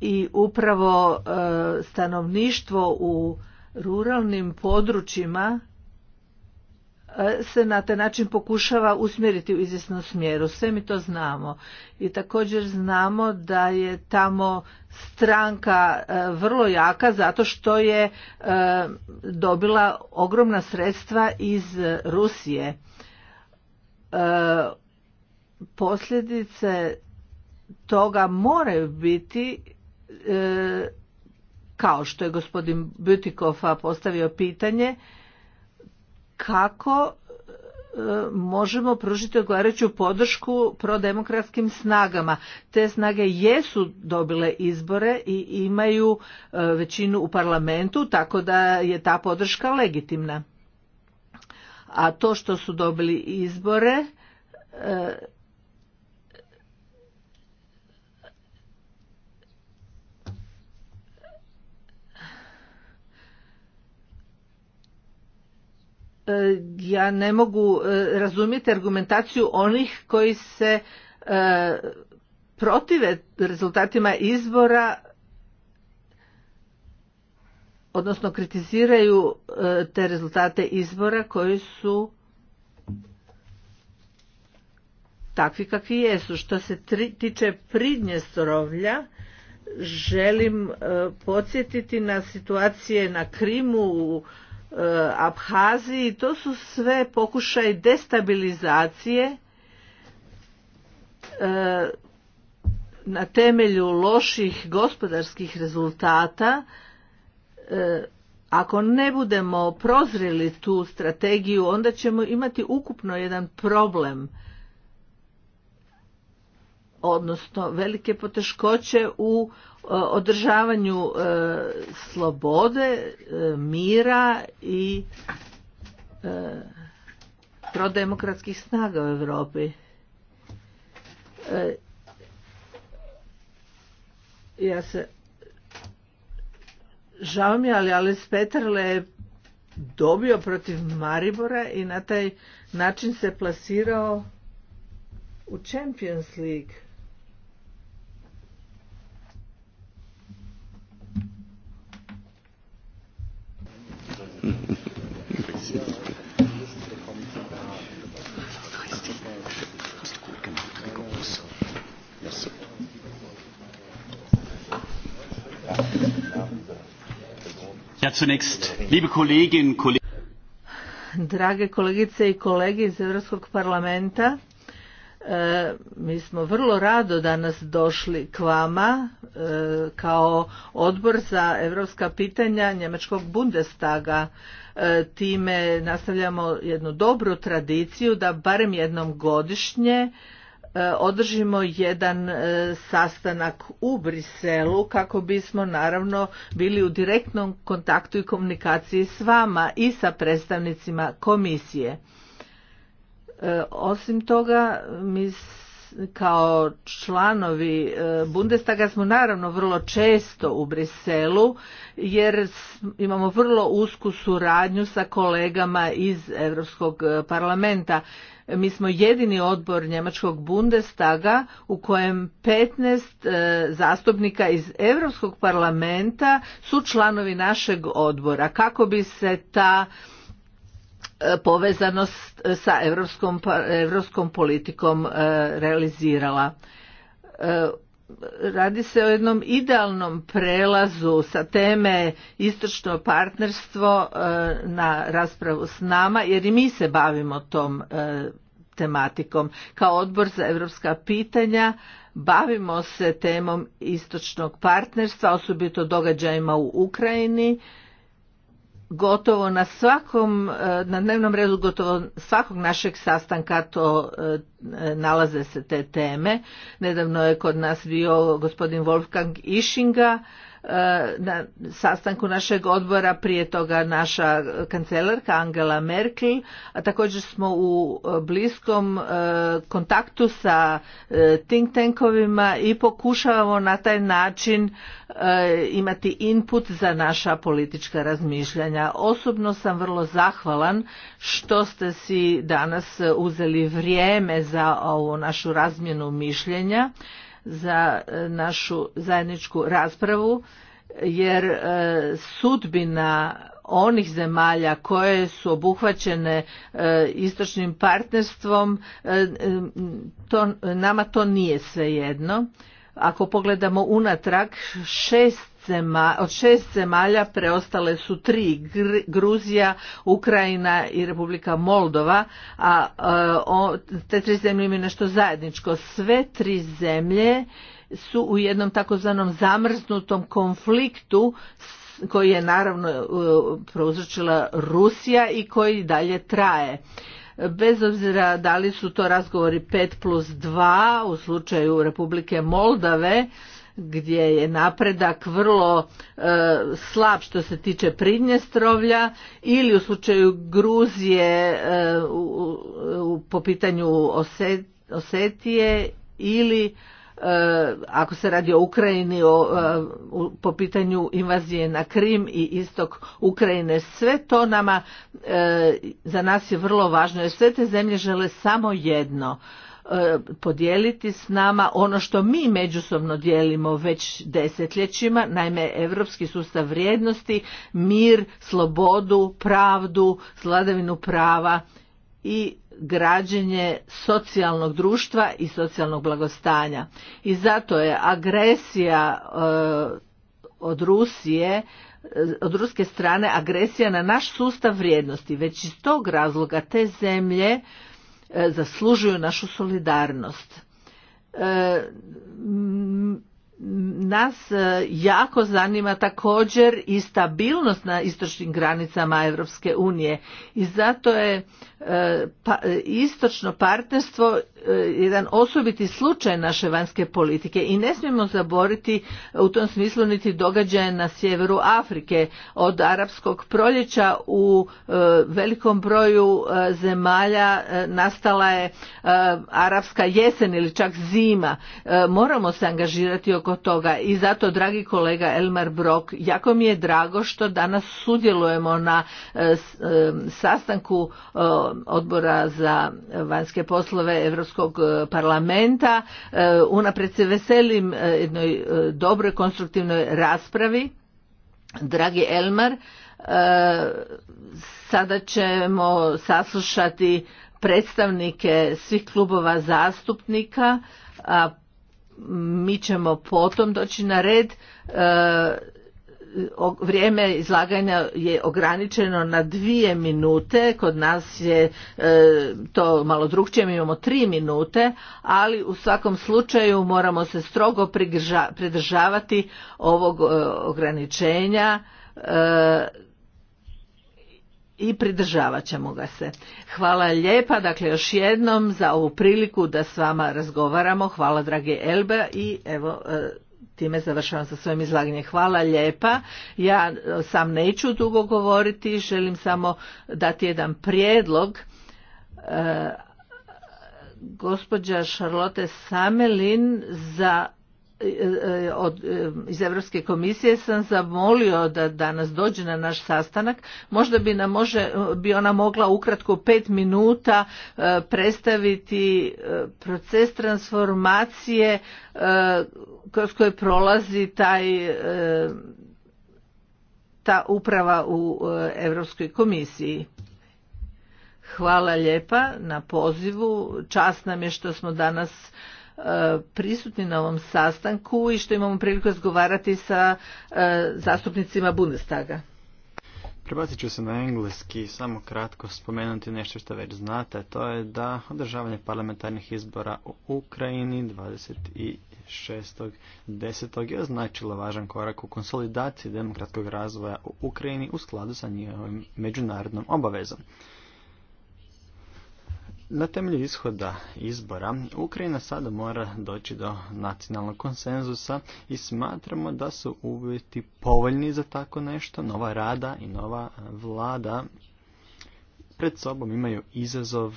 i upravo e, stanovništvo u ruralnim područjima se na taj način pokušava usmjeriti u izvjesnom smjeru. Sve mi to znamo. I također znamo da je tamo stranka e, vrlo jaka zato što je e, dobila ogromna sredstva iz Rusije. E, posljedice toga moraju biti kao što je gospodin Butikofa postavio pitanje, kako e, možemo pružiti odgovarajuću podršku prodemokratskim snagama. Te snage jesu dobile izbore i imaju e, većinu u parlamentu, tako da je ta podrška legitimna. A to što su dobili izbore e, E, ja ne mogu e, razumjeti argumentaciju onih koji se e, protive rezultatima izbora odnosno kritiziraju te rezultate izbora koji su takvi kakvi jesu. Što se tiče pridnje storovlja želim podsjetiti na situacije na Krimu, u Eh, Abhaziji, to su sve pokušaj destabilizacije eh, na temelju loših gospodarskih rezultata eh, ako ne budemo prozreli tu strategiju onda ćemo imati ukupno jedan problem odnosno velike poteškoće u održavanju e, slobode, e, mira i e, prodemokratskih snaga u Europi. Ja se žao mi, ali Alice Petrle je dobio protiv Maribora i na taj način se plasirao u Champions League. Drage kolegice i kolege iz Europskog parlamenta, e, mi smo vrlo rado danas došli k vama e, kao odbor za europska pitanja Njemačkog Bundestaga. E, time nastavljamo jednu dobru tradiciju da barem jednom godišnje e, održimo jedan e, sastanak u Briselu kako bismo naravno bili u direktnom kontaktu i komunikaciji s vama i sa predstavnicima komisije. Osim toga, mi kao članovi e, Bundestaga smo naravno vrlo često u Briselu jer imamo vrlo usku suradnju sa kolegama iz Europskog e, parlamenta. Mi smo jedini odbor Njemačkog Bundestaga u kojem 15 e, zastupnika iz Europskog parlamenta su članovi našeg odbora. Kako bi se ta E, povezanost e, sa europskom, pa, europskom politikom e, realizirala. Radi se o jednom idealnom prelazu sa teme istočno partnerstvo na raspravu s nama jer i mi se bavimo tom tematikom. Kao odbor za europska pitanja bavimo se temom istočnog partnerstva, osobito događajima u Ukrajini gotovo na svakom, e, na dnevnom redu gotovo svakog našeg sastanka to e, nalaze se te teme. Nedavno je kod nas bio gospodin Wolfgang Ishinga. E, na sastanku našeg odbora, prije toga naša kancelarka Angela Merkel, a također smo u bliskom e, kontaktu sa e, think tankovima i pokušavamo na taj način imati input za naša politička razmišljanja. Osobno sam vrlo zahvalan što ste si danas uzeli vrijeme za ovu našu razmjenu mišljenja za e, našu zajedničku raspravu jer e, sudbina onih zemalja koje su obuhvaćene e, istočnim partnerstvom nama to nije svejedno ako pogledamo unatrag šest od šest zemalja preostale su tri, Gruzija, Ukrajina i Republika Moldova, a e, te tri zemlje imaju nešto zajedničko. Sve tri zemlje su u jednom takozvanom zamrznutom konfliktu koji je naravno e, prouzročila Rusija i koji dalje traje bez obzira da li su to razgovori 5 plus 2 u slučaju Republike Moldave, gdje je napredak vrlo e, slab što se tiče Pridnjestrovlja ili u slučaju Gruzije e, u, u, po pitanju Oset, Osetije ili e, ako se radi o Ukrajini o, po pitanju invazije na Krim i istok Ukrajine. Sve to nama za nas je vrlo važno jer sve te zemlje žele samo jedno – E, podijeliti s nama ono što mi međusobno dijelimo već desetljećima, naime europski sustav vrijednosti, mir, slobodu, pravdu, sladavinu prava i građenje socijalnog društva i socijalnog blagostanja. I zato je agresija e, od Rusije e, od ruske strane agresija na naš sustav vrijednosti. Već iz tog razloga te zemlje E, zaslužuju našu solidarnost. E, nas e, jako zanima također i stabilnost na istočnim granicama Europske unije i zato je pa, istočno partnerstvo E, jedan osobiti slučaj naše vanjske politike i ne smijemo zaboriti u tom smislu niti događaje na sjeveru Afrike od arapskog proljeća u e, velikom broju e, zemalja nastala je arapska jesen ili čak zima moramo se angažirati oko toga i zato dragi kolega Elmar Brok jako mi je drago što danas sudjelujemo na sastanku odbora za vanjske poslove EU Europskog e, parlamenta. E, unaprijed se veselim e, jednoj dobroj konstruktivnoj raspravi. Dragi Elmar, sada ćemo saslušati predstavnike svih klubova zastupnika, a mi ćemo potom doći na red vrijeme izlaganja je ograničeno na dvije minute, kod nas je e, to malo drugčije, mi imamo tri minute, ali u svakom slučaju moramo se strogo pridržavati ovog e, ograničenja e, i pridržavat ćemo ga se. Hvala lijepa, dakle još jednom za ovu priliku da s vama razgovaramo. Hvala drage Elbe i evo time završavam sa svojim izlaganjem. Hvala lijepa. Ja e, sam neću dugo govoriti, želim samo dati jedan prijedlog. E, gospođa Charlotte Samelin za E, iz Europske komisije sam zamolio da danas dođe na naš sastanak. Možda bi, nam može, bi ona mogla ukratko pet minuta e, predstaviti e, proces transformacije kroz koje prolazi taj ta uprava u Europskoj komisiji. Hvala lijepa na pozivu. Čast nam je što smo danas E, prisutni na ovom sastanku i što imamo priliku razgovarati sa e, zastupnicima Bundestaga. Prebacit ću se na engleski samo kratko spomenuti nešto što već znate, to je da održavanje parlamentarnih izbora u Ukrajini 26.10. je označilo važan korak u konsolidaciji demokratskog razvoja u Ukrajini u skladu sa njihovim međunarodnom obavezom. Na temelju ishoda izbora Ukrajina sada mora doći do nacionalnog konsenzusa i smatramo da su uvjeti povoljni za tako nešto. Nova rada i nova vlada pred sobom imaju izazov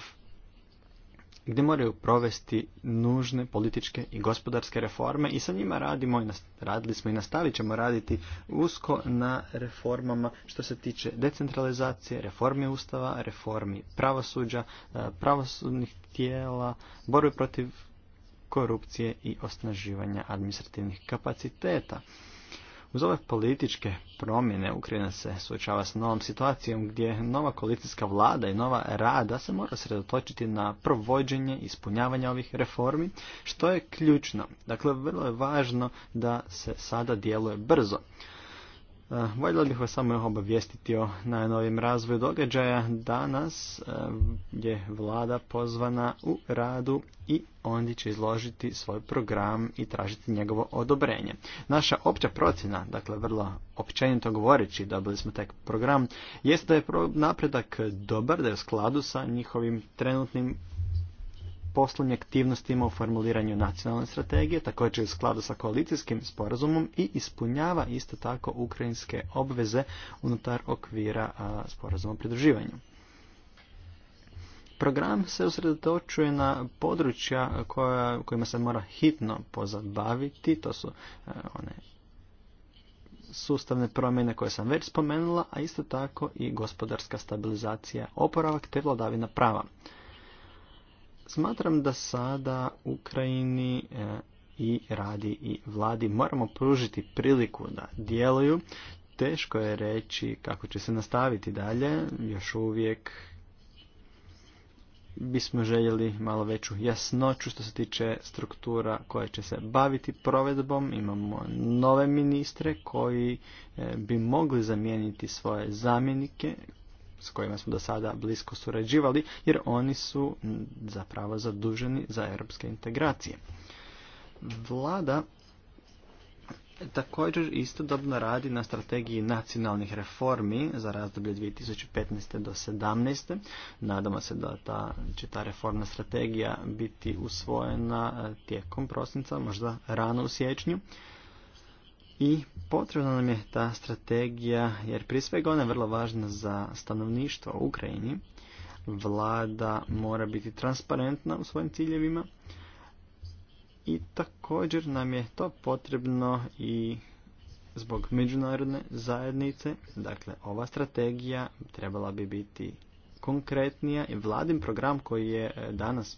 gdje moraju provesti nužne političke i gospodarske reforme i sa njima radimo i radili smo i nastavit ćemo raditi usko na reformama što se tiče decentralizacije, reforme ustava, reformi pravosuđa, e, pravosudnih tijela, borbe protiv korupcije i osnaživanja administrativnih kapaciteta. Uz ove političke promjene Ukrajina se suočava s novom situacijom gdje nova koalicijska vlada i nova rada se mora sredotočiti na provođenje ispunjavanje ovih reformi, što je ključno. Dakle, vrlo je važno da se sada djeluje brzo. Voljela bih vas samo obavijestiti o najnovijem razvoju događaja. Danas e, je vlada pozvana u radu i oni će izložiti svoj program i tražiti njegovo odobrenje. Naša opća procjena, dakle vrlo općenito govoreći, dobili smo tek program, jest da je napredak dobar, da je u skladu sa njihovim trenutnim poslovnim aktivnostima u formuliranju nacionalne strategije, također u skladu sa koalicijskim sporazumom i ispunjava isto tako ukrajinske obveze unutar okvira sporazuma o pridruživanju. Program se usredotočuje na područja koja, kojima se mora hitno pozabaviti, to su one sustavne promjene koje sam već spomenula, a isto tako i gospodarska stabilizacija oporavak te vladavina prava. Smatram da sada Ukrajini e, i radi i vladi moramo pružiti priliku da djeluju. Teško je reći kako će se nastaviti dalje, još uvijek bismo željeli malo veću jasnoću što se tiče struktura koje će se baviti provedbom. Imamo nove ministre koji e, bi mogli zamijeniti svoje zamjenike s kojima smo do sada blisko surađivali jer oni su zapravo zaduženi za europske integracije. Vlada također istodobno radi na strategiji nacionalnih reformi za razdoblje 2015. do 2017. Nadamo se da ta, će ta reformna strategija biti usvojena eh, tijekom prosinca, možda rano u siječnju. I potrebna nam je ta strategija jer prije svega ona je vrlo važna za stanovništvo u Ukrajini. Vlada mora biti transparentna u svojim ciljevima i također nam je to potrebno i zbog međunarodne zajednice. Dakle, ova strategija trebala bi biti konkretnija i vladin program koji je eh, danas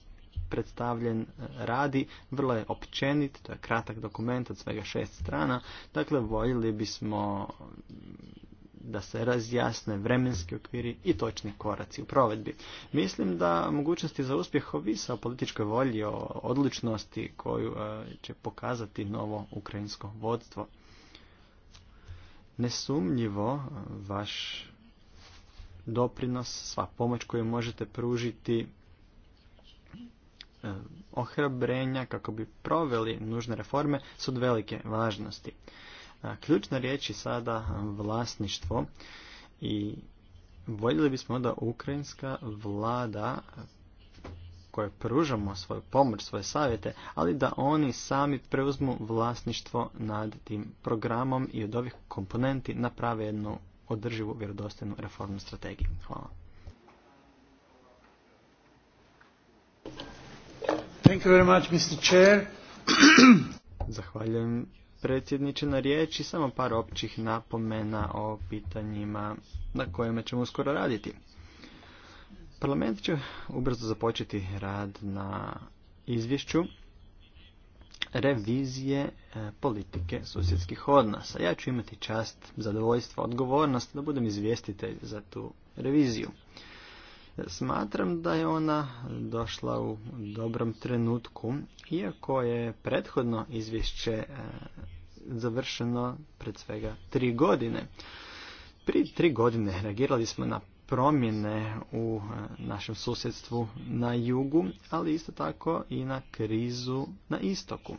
predstavljen e, radi. Vrlo je općenit, to je kratak dokument od svega šest strana. Dakle, voljeli bismo mm, da se razjasne vremenski okviri i točni koraci u provedbi. Mislim da mogućnosti za uspjeh ovisa o političkoj volji, o odličnosti koju e, će pokazati novo ukrajinsko vodstvo. Nesumnjivo e, vaš doprinos, sva pomoć koju možete pružiti E, ohrabrenja kako bi proveli nužne reforme su od velike važnosti. E, Ključna riječ je sada e, vlasništvo i voljeli bismo da ukrajinska vlada koje pružamo svoju pomoć, svoje savjete, ali da oni sami preuzmu vlasništvo nad tim programom i od ovih komponenti naprave jednu održivu vjerodostojnu reformu strategiju. Hvala. Thank you very Zahvaljujem predsjedniče na riječi samo par općih napomena o pitanjima na kojima ćemo uskoro raditi. Parlament će ubrzo započeti rad na izvješću revizije e, politike susjedskih odnosa. Ja ću imati čast, zadovoljstvo, odgovornost da budem izvjestitelj za tu reviziju. Smatram da je ona došla u dobrom trenutku, iako je prethodno izvješće e, završeno pred svega tri godine. Prije tri godine reagirali smo na promjene u e, našem susjedstvu na jugu, ali isto tako i na krizu na istoku.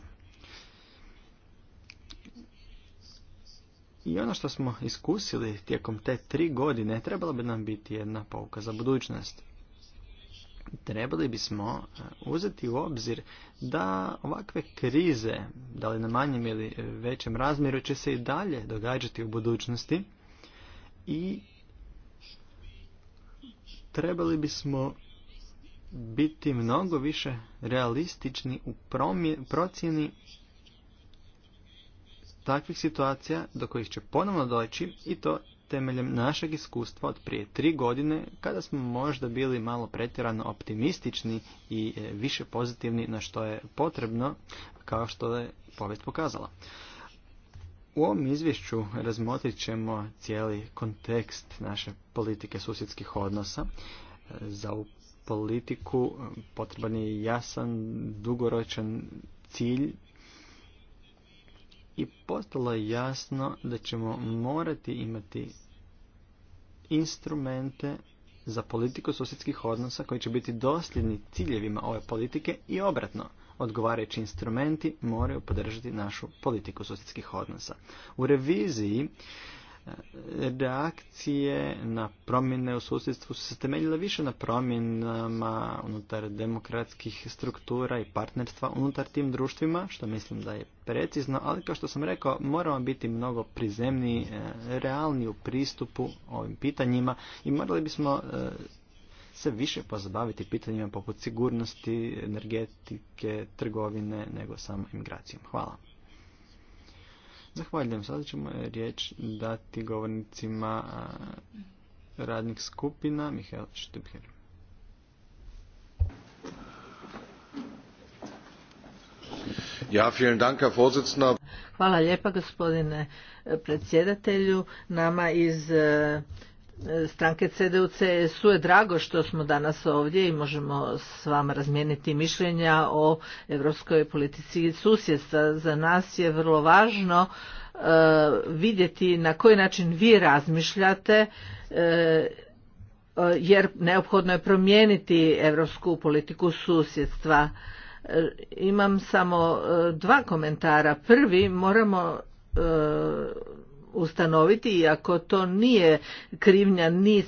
I ono što smo iskusili tijekom te tri godine trebala bi nam biti jedna pouka za budućnost. Trebali bismo e, uzeti u obzir da ovakve krize, da li na manjem ili većem razmjeru, će se i dalje događati u budućnosti i trebali bismo biti mnogo više realistični u procjeni takvih situacija do kojih će ponovno doći i to temeljem našeg iskustva od prije tri godine kada smo možda bili malo pretjerano optimistični i e, više pozitivni na što je potrebno kao što je povijest pokazala. U ovom izvješću razmotrit ćemo cijeli kontekst naše politike susjedskih odnosa. E, za ovu politiku e, potreban je jasan, dugoročan cilj i postalo je jasno da ćemo morati imati instrumente za politiku susjedskih odnosa koji će biti dosljedni ciljevima ove politike i obratno. Odgovarajući instrumenti moraju podržati našu politiku susjedskih odnosa. U reviziji reakcije na promjene u susjedstvu su se temeljile više na promjenama unutar demokratskih struktura i partnerstva unutar tim društvima, što mislim da je precizno, ali kao što sam rekao, moramo biti mnogo prizemniji, e, realni u pristupu ovim pitanjima i morali bismo e, se više pozabaviti pitanjima poput sigurnosti, energetike, trgovine, nego samo imigracijom. Hvala. Zahvaljujem. Sada ćemo riječ dati govornicima radnih skupina. Mihael Štubher. Ja, vielen dank, Herr Vorsitzender. Hvala lijepa gospodine predsjedatelju. Nama iz stranke CDU CSU je drago što smo danas ovdje i možemo s vama razmijeniti mišljenja o europskoj politici susjedstva. Za nas je vrlo važno e, vidjeti na koji način vi razmišljate e, jer neophodno je promijeniti europsku politiku susjedstva. E, imam samo dva komentara. Prvi, moramo ustanoviti iako ako to nije krivnja ni e,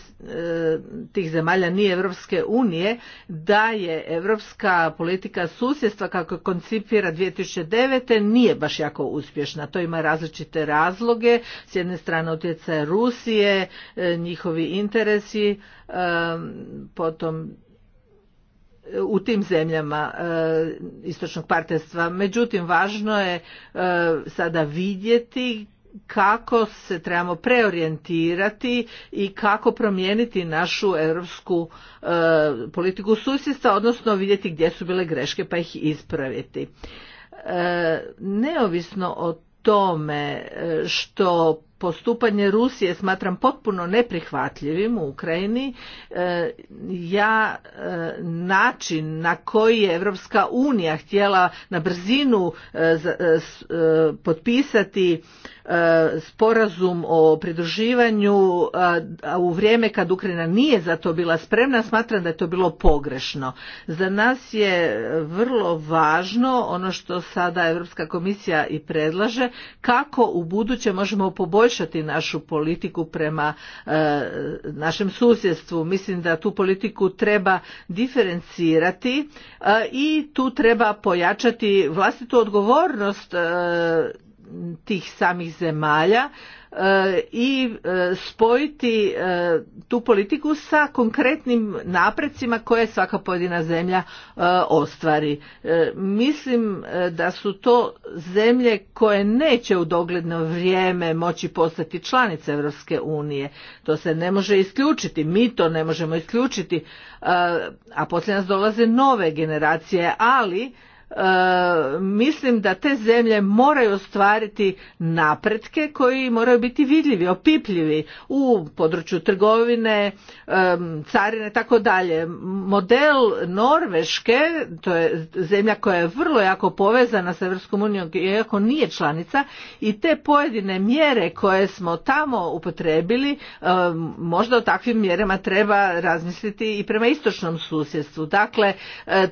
tih zemalja ni Europske unije da je europska politika susjedstva kako koncipira 2009. nije baš jako uspješna. To ima različite razloge. S jedne strane utjecaj Rusije, e, njihovi interesi, e, potom u tim zemljama istočnog partnerstva. Međutim, važno je sada vidjeti kako se trebamo preorijentirati i kako promijeniti našu europsku e, politiku susjedstva, odnosno vidjeti gdje su bile greške pa ih ispraviti. E, neovisno o tome e, što postupanje Rusije smatram potpuno neprihvatljivim u Ukrajini, e, ja e, način na koji je Evropska unija htjela na brzinu e, potpisati sporazum o pridruživanju u vrijeme kad Ukrajina nije za to bila spremna, smatram da je to bilo pogrešno. Za nas je vrlo važno ono što sada Europska komisija i predlaže kako u buduće možemo poboljšati poboljšati našu politiku prema e, našem susjedstvu. Mislim da tu politiku treba diferencirati e, i tu treba pojačati vlastitu odgovornost e, tih samih zemalja e, i e, spojiti e, tu politiku sa konkretnim naprecima koje svaka pojedina zemlja ostvari. Mislim da su to zemlje koje neće u dogledno vrijeme moći postati članice Europske unije. To se ne može isključiti, mi to ne možemo isključiti, a poslije nas dolaze nove generacije, ali E, mislim da te zemlje moraju ostvariti napretke koji moraju biti vidljivi, opipljivi u području trgovine, e, carine i tako dalje. Model Norveške, to je zemlja koja je vrlo jako povezana sa Europskom unijom, iako nije članica i te pojedine mjere koje smo tamo upotrebili, e, možda o takvim mjerama treba razmisliti i prema istočnom susjedstvu. Dakle,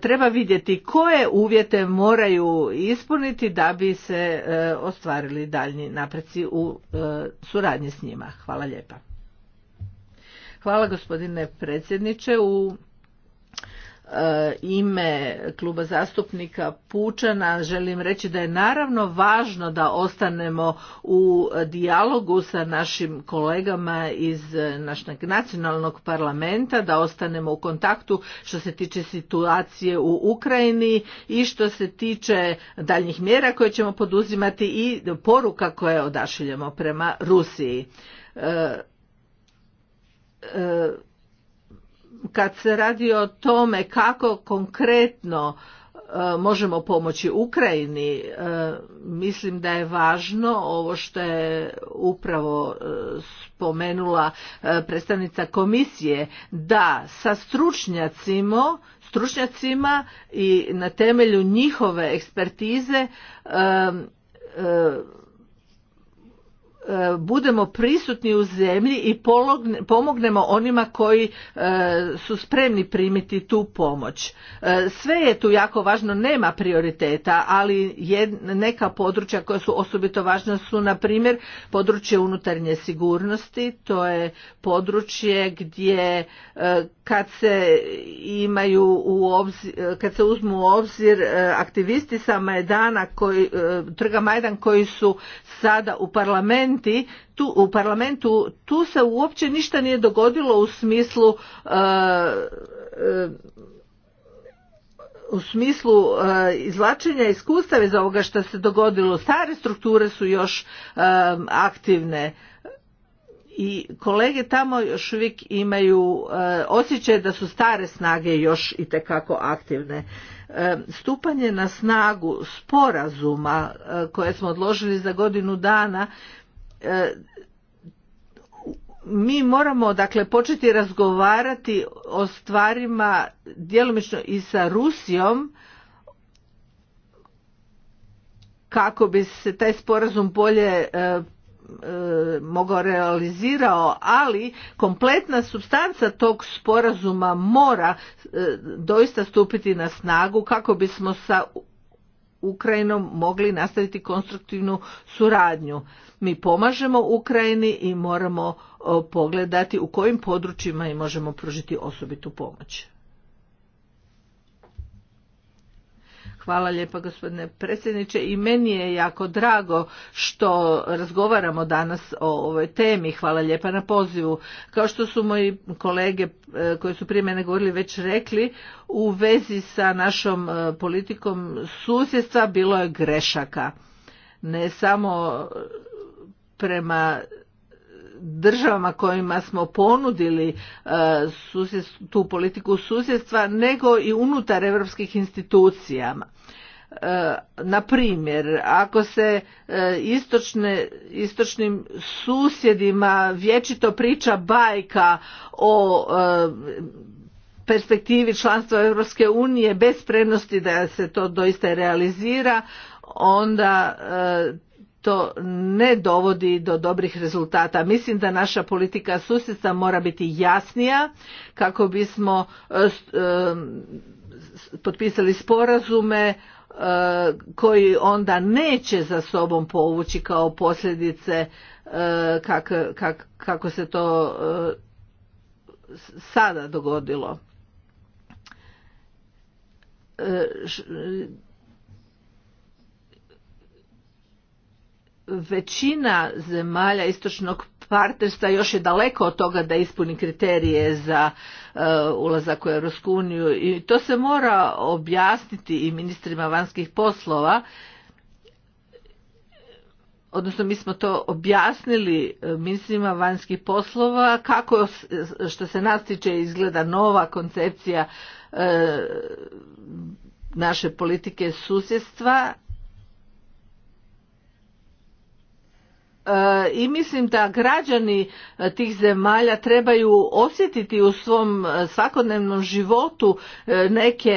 treba vidjeti koje uvjete uvjete moraju ispuniti da bi se e, ostvarili daljnji napreci u e, suradnji s njima. Hvala lijepa. Hvala gospodine predsjedniče. U E, ime kluba zastupnika Pučana želim reći da je naravno važno da ostanemo u dijalogu sa našim kolegama iz našeg nacionalnog parlamenta, da ostanemo u kontaktu što se tiče situacije u Ukrajini i što se tiče daljnjih mjera koje ćemo poduzimati i poruka koje odašiljemo prema Rusiji. E, e, kad se radi o tome kako konkretno e, možemo pomoći Ukrajini, e, mislim da je važno ovo što je upravo e, spomenula predstavnica komisije, da sa stručnjacima, stručnjacima i na temelju njihove ekspertize E, budemo prisutni u zemlji i pomognemo onima koji e, su spremni primiti tu pomoć. E, sve je tu jako važno, nema prioriteta, ali neka područja koja su osobito važna su na primjer područje unutarnje sigurnosti, to je područje gdje kad se imaju u obzir, kad se uzmu u obzir aktivisti sa Majdana koji, Trga Majdan koji su sada u parlamentu tu, u parlamentu tu se uopće ništa nije dogodilo u smislu e, e, u smislu e, izvlačenja iskustava iz ovoga što se dogodilo. Stare strukture su još aktivne i kolege tamo još uvijek imaju osjećaj da su stare snage još i tekako aktivne. Stupanje na snagu sporazuma koje smo odložili za godinu dana E, mi moramo dakle početi razgovarati o stvarima djelomično i sa Rusijom kako bi se taj sporazum bolje e, e, mogao realizirao, ali kompletna substanca tog sporazuma mora doista stupiti na snagu kako bismo sa Ukrajinom mogli nastaviti konstruktivnu suradnju. Mi pomažemo Ukrajini i moramo pogledati u kojim područjima i možemo pružiti osobitu pomoć. Hvala lijepa gospodine predsjedniče i meni je jako drago što razgovaramo danas o ovoj temi. Hvala lijepa na pozivu. Kao što su moji kolege e, koji su prije mene govorili već rekli, u vezi sa našom e, politikom susjedstva bilo je grešaka. Ne samo prema državama kojima smo ponudili e, tu politiku susjedstva nego i unutar europskih institucijama e, na primjer ako se e, istočne, istočnim susjedima vječito priča bajka o perspektivi članstva Europske unije bez prednosti da se to doista realizira onda to ne dovodi do dobrih rezultata. Mislim da naša politika susjedstva mora biti jasnija kako bismo e, e, potpisali sporazume e, koji onda neće za sobom povući kao posljedice kako se to sada dogodilo većina zemalja istočnog partnerstva još je daleko od toga da ispuni kriterije za e, ulazak u Europsku uniju i to se mora objasniti i ministrima vanjskih poslova odnosno mi smo to objasnili e, ministrima vanjskih poslova kako što se nas tiče izgleda nova koncepcija e, naše politike susjedstva E, i mislim da građani e, tih zemalja trebaju osjetiti u svom e, svakodnevnom životu neke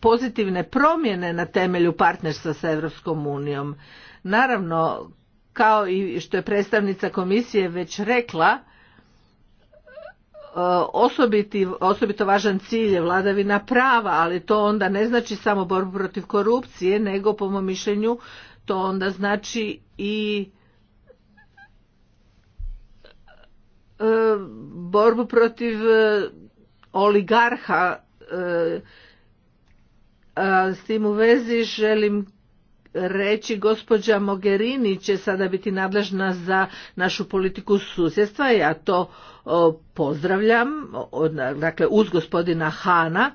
pozitivne promjene na temelju partnerstva sa Europskom unijom. Naravno, kao i što je predstavnica komisije već rekla, Osobiti, osobito važan cilj je vladavina prava, ali to onda ne znači samo borbu protiv korupcije, nego po mom mišljenju to onda znači i E, borbu protiv e, oligarha e, a s tim u vezi želim reći gospođa Mogherini će sada biti nadležna za našu politiku susjedstva, ja to pozdravljam, dakle uz gospodina Hana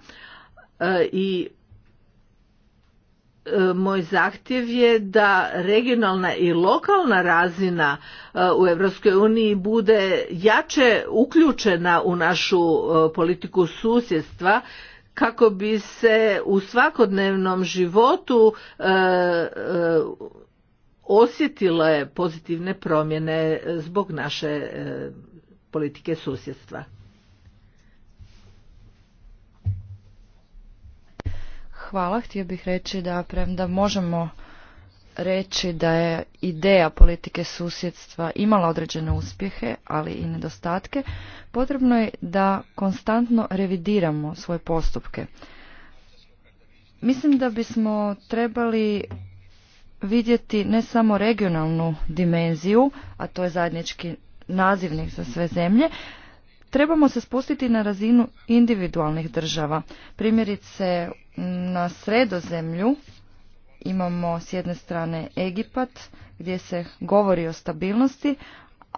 i E, moj zahtjev je da regionalna i lokalna razina e, u Europskoj uniji bude jače uključena u našu e, politiku susjedstva kako bi se u svakodnevnom životu osjetile pozitivne promjene zbog naše politike susjedstva. Hvala. Htio bih reći da premda možemo reći da je ideja politike susjedstva imala određene uspjehe, ali i nedostatke, potrebno je da konstantno revidiramo svoje postupke. Mislim da bismo trebali vidjeti ne samo regionalnu dimenziju, a to je zajednički nazivnik za sve zemlje, Trebamo se spustiti na razinu individualnih država. Primjerice, na sredozemlju imamo s jedne strane Egipat, gdje se govori o stabilnosti,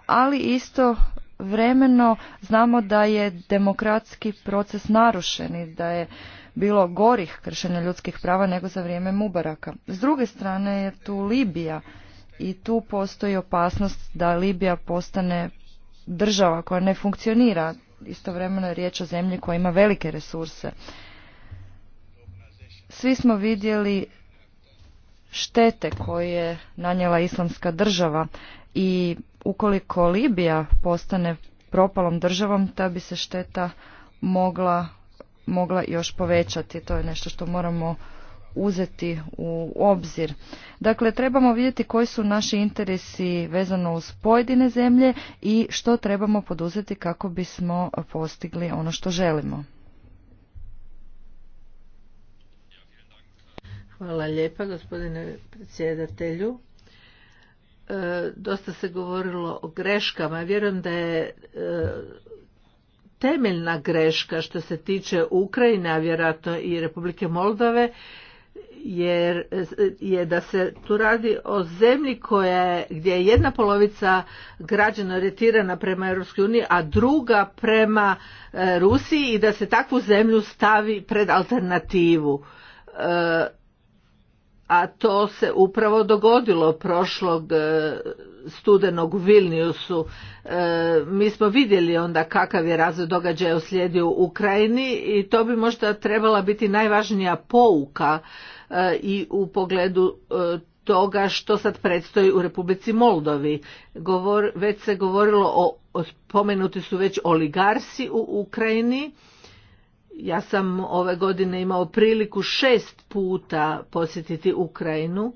ali isto vremeno znamo da je demokratski proces narušen i da je bilo gorih kršenja ljudskih prava nego za vrijeme Mubaraka. S druge strane je tu Libija i tu postoji opasnost da Libija postane država koja ne funkcionira. Istovremeno je riječ o zemlji koja ima velike resurse. Svi smo vidjeli štete koje je nanijela islamska država i ukoliko Libija postane propalom državom, ta bi se šteta mogla, mogla još povećati. To je nešto što moramo uzeti u obzir. Dakle, trebamo vidjeti koji su naši interesi vezano uz pojedine zemlje i što trebamo poduzeti kako bismo postigli ono što želimo. Hvala lijepa gospodine predsjedatelju. E, dosta se govorilo o greškama. Vjerujem da je e, temeljna greška što se tiče Ukrajine, a vjerojatno i Republike Moldove, jer je da se tu radi o zemlji koja je, gdje je jedna polovica građana orijentirana prema EU, a druga prema e, Rusiji i da se takvu zemlju stavi pred alternativu. E, a to se upravo dogodilo prošlog e, studenog u Vilniusu. E, mi smo vidjeli onda kakav je razvoj događaja uslijedio u Ukrajini i to bi možda trebala biti najvažnija pouka e, i u pogledu toga što sad predstoji u Republici Moldovi. Govor, već se govorilo o, spomenuti su već oligarsi u Ukrajini ja sam ove godine imao priliku šest puta posjetiti Ukrajinu.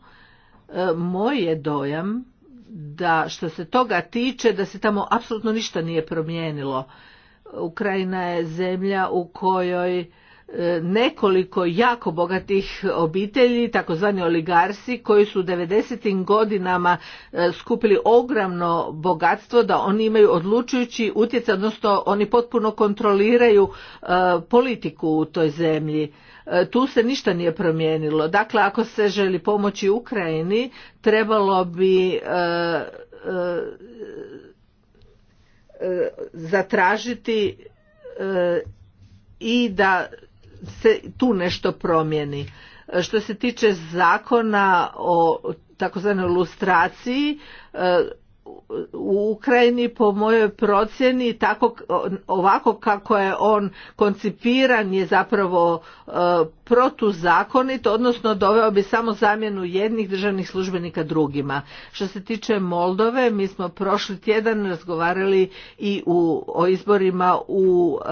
E, moj je dojam da što se toga tiče da se tamo apsolutno ništa nije promijenilo. Ukrajina je zemlja u kojoj E, nekoliko jako bogatih obitelji, takozvani oligarsi, koji su u 90. godinama e, skupili ogromno bogatstvo da oni imaju odlučujući utjecaj, odnosno oni potpuno kontroliraju e, politiku u toj zemlji. Tu se ništa nije promijenilo. Dakle, ako se želi pomoći Ukrajini, trebalo bi zatražiti i da se tu nešto promijeni. E, što se tiče zakona o takozvanoj lustraciji, e, u Ukrajini po mojoj procjeni tako, ovako kako je on koncipiran je zapravo e, protuzakonit, odnosno doveo bi samo zamjenu jednih državnih službenika drugima. Što se tiče Moldove, mi smo prošli tjedan razgovarali i o izborima u e,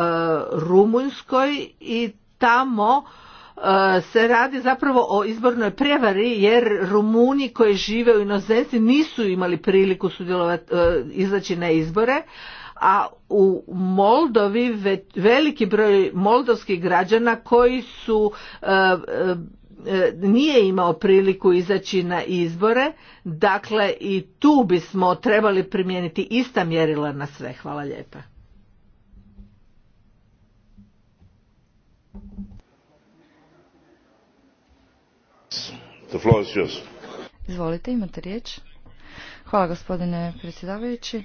Rumunjskoj i tamo e, se radi zapravo o izbornoj prevari jer Rumuni koji žive u inozemstvu nisu imali priliku sudjelovati e, izaći na izbore a u Moldovi veliki broj moldovskih građana koji su e, nije imao priliku izaći na izbore dakle i tu bismo trebali primijeniti ista mjerila na sve hvala lijepa imate riječ. Hvala gospodine predsjedavajući.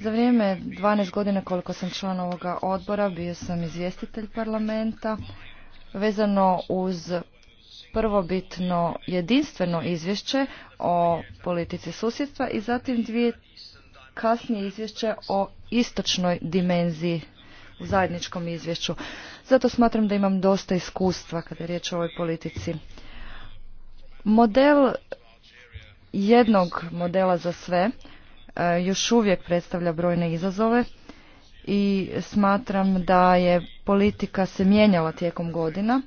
Za vrijeme 12 godina koliko sam član ovoga odbora bio sam izvjestitelj parlamenta vezano uz prvobitno jedinstveno izvješće o politici susjedstva i zatim dvije kasnije izvješće o istočnoj dimenziji u zajedničkom izvješću. Zato smatram da imam dosta iskustva kada je riječ o ovoj politici Model jednog modela za sve e, još uvijek predstavlja brojne izazove i smatram da je politika se mijenjala tijekom godina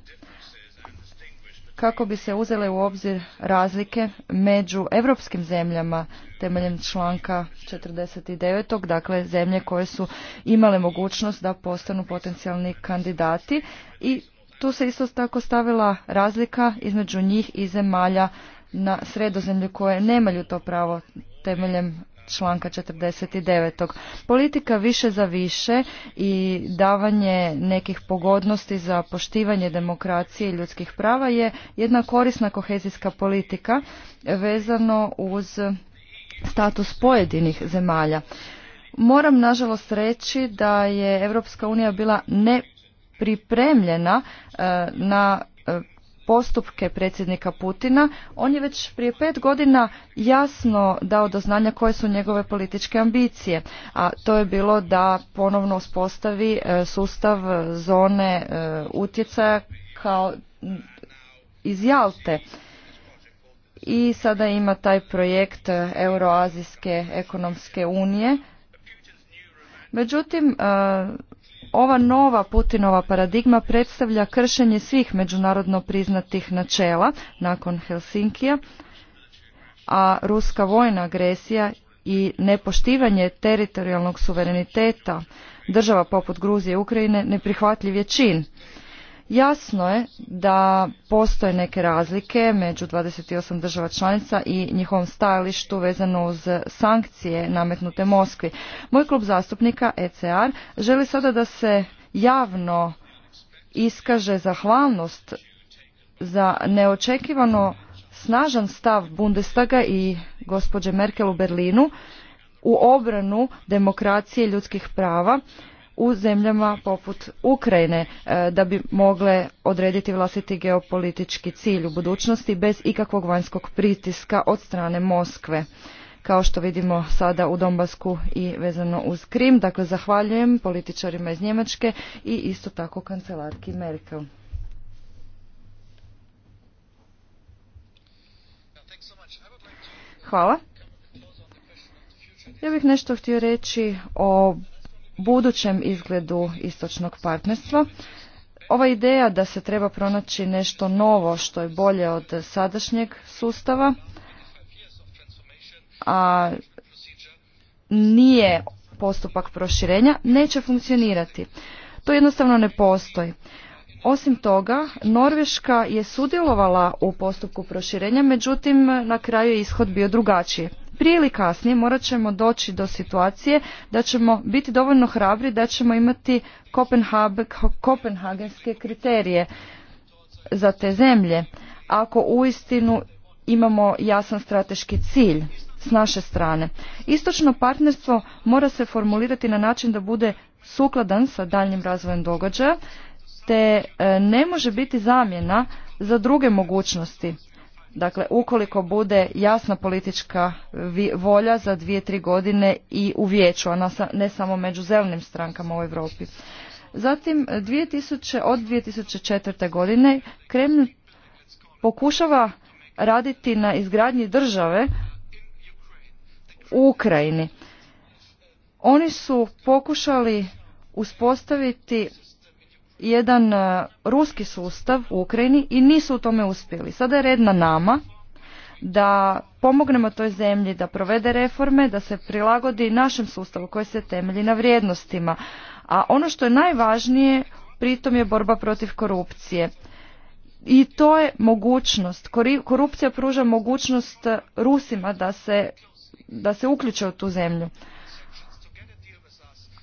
kako bi se uzele u obzir razlike među europskim zemljama temeljem članka 49. dakle zemlje koje su imale mogućnost da postanu potencijalni kandidati i tu se isto tako stavila razlika između njih i zemalja na sredozemlju koje nemaju to pravo temeljem članka 49. Politika više za više i davanje nekih pogodnosti za poštivanje demokracije i ljudskih prava je jedna korisna kohezijska politika vezano uz status pojedinih zemalja. Moram nažalost reći da je Europska unija bila ne pripremljena e, na e, postupke predsjednika Putina, on je već prije pet godina jasno dao do znanja koje su njegove političke ambicije, a to je bilo da ponovno uspostavi e, sustav zone utjecaja kao iz Jalte. I sada ima taj projekt Euroazijske ekonomske unije. Međutim, ova nova Putinova paradigma predstavlja kršenje svih međunarodno priznatih načela nakon Helsinkija, a ruska vojna agresija i nepoštivanje teritorijalnog suvereniteta država poput Gruzije i Ukrajine neprihvatljiv je čin Jasno je da postoje neke razlike među 28 država članica i njihovom stajalištu vezano uz sankcije nametnute Moskvi. Moj klub zastupnika ECR želi sada da se javno iskaže zahvalnost za neočekivano snažan stav Bundestaga i gospođe Merkel u Berlinu u obranu demokracije i ljudskih prava u zemljama poput Ukrajine e, da bi mogle odrediti vlastiti geopolitički cilj u budućnosti bez ikakvog vanjskog pritiska od strane Moskve kao što vidimo sada u Dombasku i vezano uz Krim. Dakle, zahvaljujem političarima iz Njemačke i isto tako kancelarki Merkel. Hvala. Ja bih nešto htio reći o budućem izgledu istočnog partnerstva. Ova ideja da se treba pronaći nešto novo što je bolje od sadašnjeg sustava, a nije postupak proširenja, neće funkcionirati. To jednostavno ne postoji. Osim toga, Norveška je sudjelovala u postupku proširenja, međutim na kraju je ishod bio drugačiji prije ili kasnije morat ćemo doći do situacije da ćemo biti dovoljno hrabri da ćemo imati kopenhagenske kriterije za te zemlje ako uistinu imamo jasan strateški cilj s naše strane. Istočno partnerstvo mora se formulirati na način da bude sukladan sa daljnjim razvojem događaja te e, ne može biti zamjena za druge mogućnosti Dakle, ukoliko bude jasna politička volja za dvije, tri godine i u vijeću, a ne samo među zelenim strankama u Europi. Zatim, 2000, od 2004. godine Kreml pokušava raditi na izgradnji države u Ukrajini. Oni su pokušali uspostaviti jedan e, ruski sustav u Ukrajini i nisu u tome uspjeli. Sada je red na nama da pomognemo toj zemlji da provede reforme, da se prilagodi našem sustavu koji se temelji na vrijednostima. A ono što je najvažnije pritom je borba protiv korupcije. I to je mogućnost, korupcija pruža mogućnost Rusima da se, da se uključe u tu zemlju.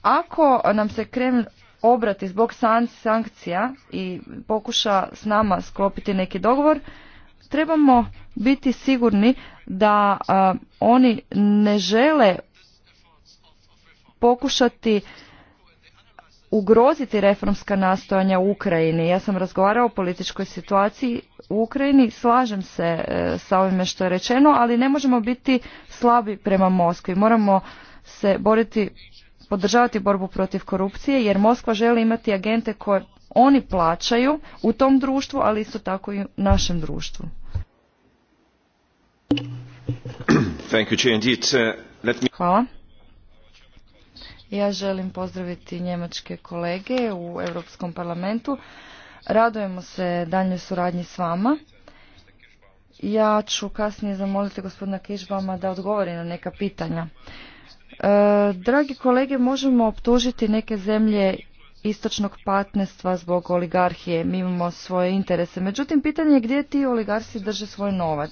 Ako nam se Kreml obrati zbog sankcija i pokuša s nama sklopiti neki dogovor, trebamo biti sigurni da oni ne žele pokušati ugroziti reformska nastojanja u Ukrajini. Ja sam razgovarao o političkoj situaciji u Ukrajini, slažem se e, sa ovime što je rečeno, ali ne možemo biti slabi prema Moskvi. Moramo se boriti podržavati borbu protiv korupcije jer Moskva želi imati agente koje oni plaćaju u tom društvu, ali isto tako i u našem društvu. Uh, Hvala. Ja želim pozdraviti njemačke kolege u Europskom parlamentu. Radujemo se daljnjoj suradnji s vama. Ja ću kasnije zamoliti gospodina Kišbama da odgovori na neka pitanja. E, dragi kolege, možemo optužiti neke zemlje istočnog partnerstva zbog oligarhije. Mi imamo svoje interese. Međutim, pitanje je gdje ti oligarsi drže svoj novac.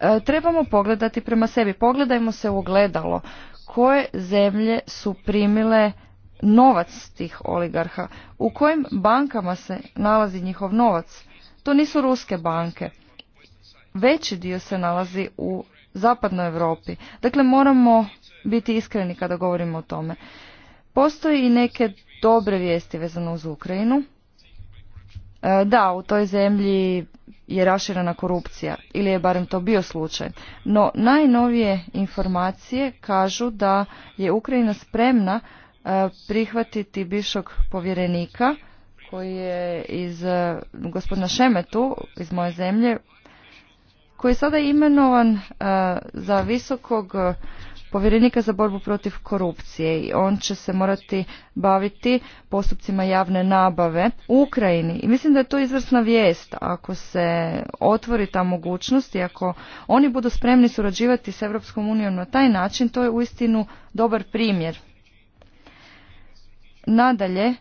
E, trebamo pogledati prema sebi. Pogledajmo se u ogledalo. Koje zemlje su primile novac tih oligarha? U kojim bankama se nalazi njihov novac? To nisu ruske banke. Veći dio se nalazi u zapadnoj Europi. Dakle, moramo biti iskreni kada govorimo o tome. Postoji i neke dobre vijesti vezano uz Ukrajinu. E, da, u toj zemlji je raširena korupcija, ili je barem to bio slučaj. No, najnovije informacije kažu da je Ukrajina spremna e, prihvatiti bivšog povjerenika koji je iz gospodina Šemetu iz moje zemlje koji je sada imenovan e, za visokog e, povjerenika za borbu protiv korupcije i on će se morati baviti postupcima javne nabave u Ukrajini. I mislim da je to izvrsna vijest ako se otvori ta mogućnost i ako oni budu spremni surađivati s Europskom na taj način, to je uistinu dobar primjer. Nadalje,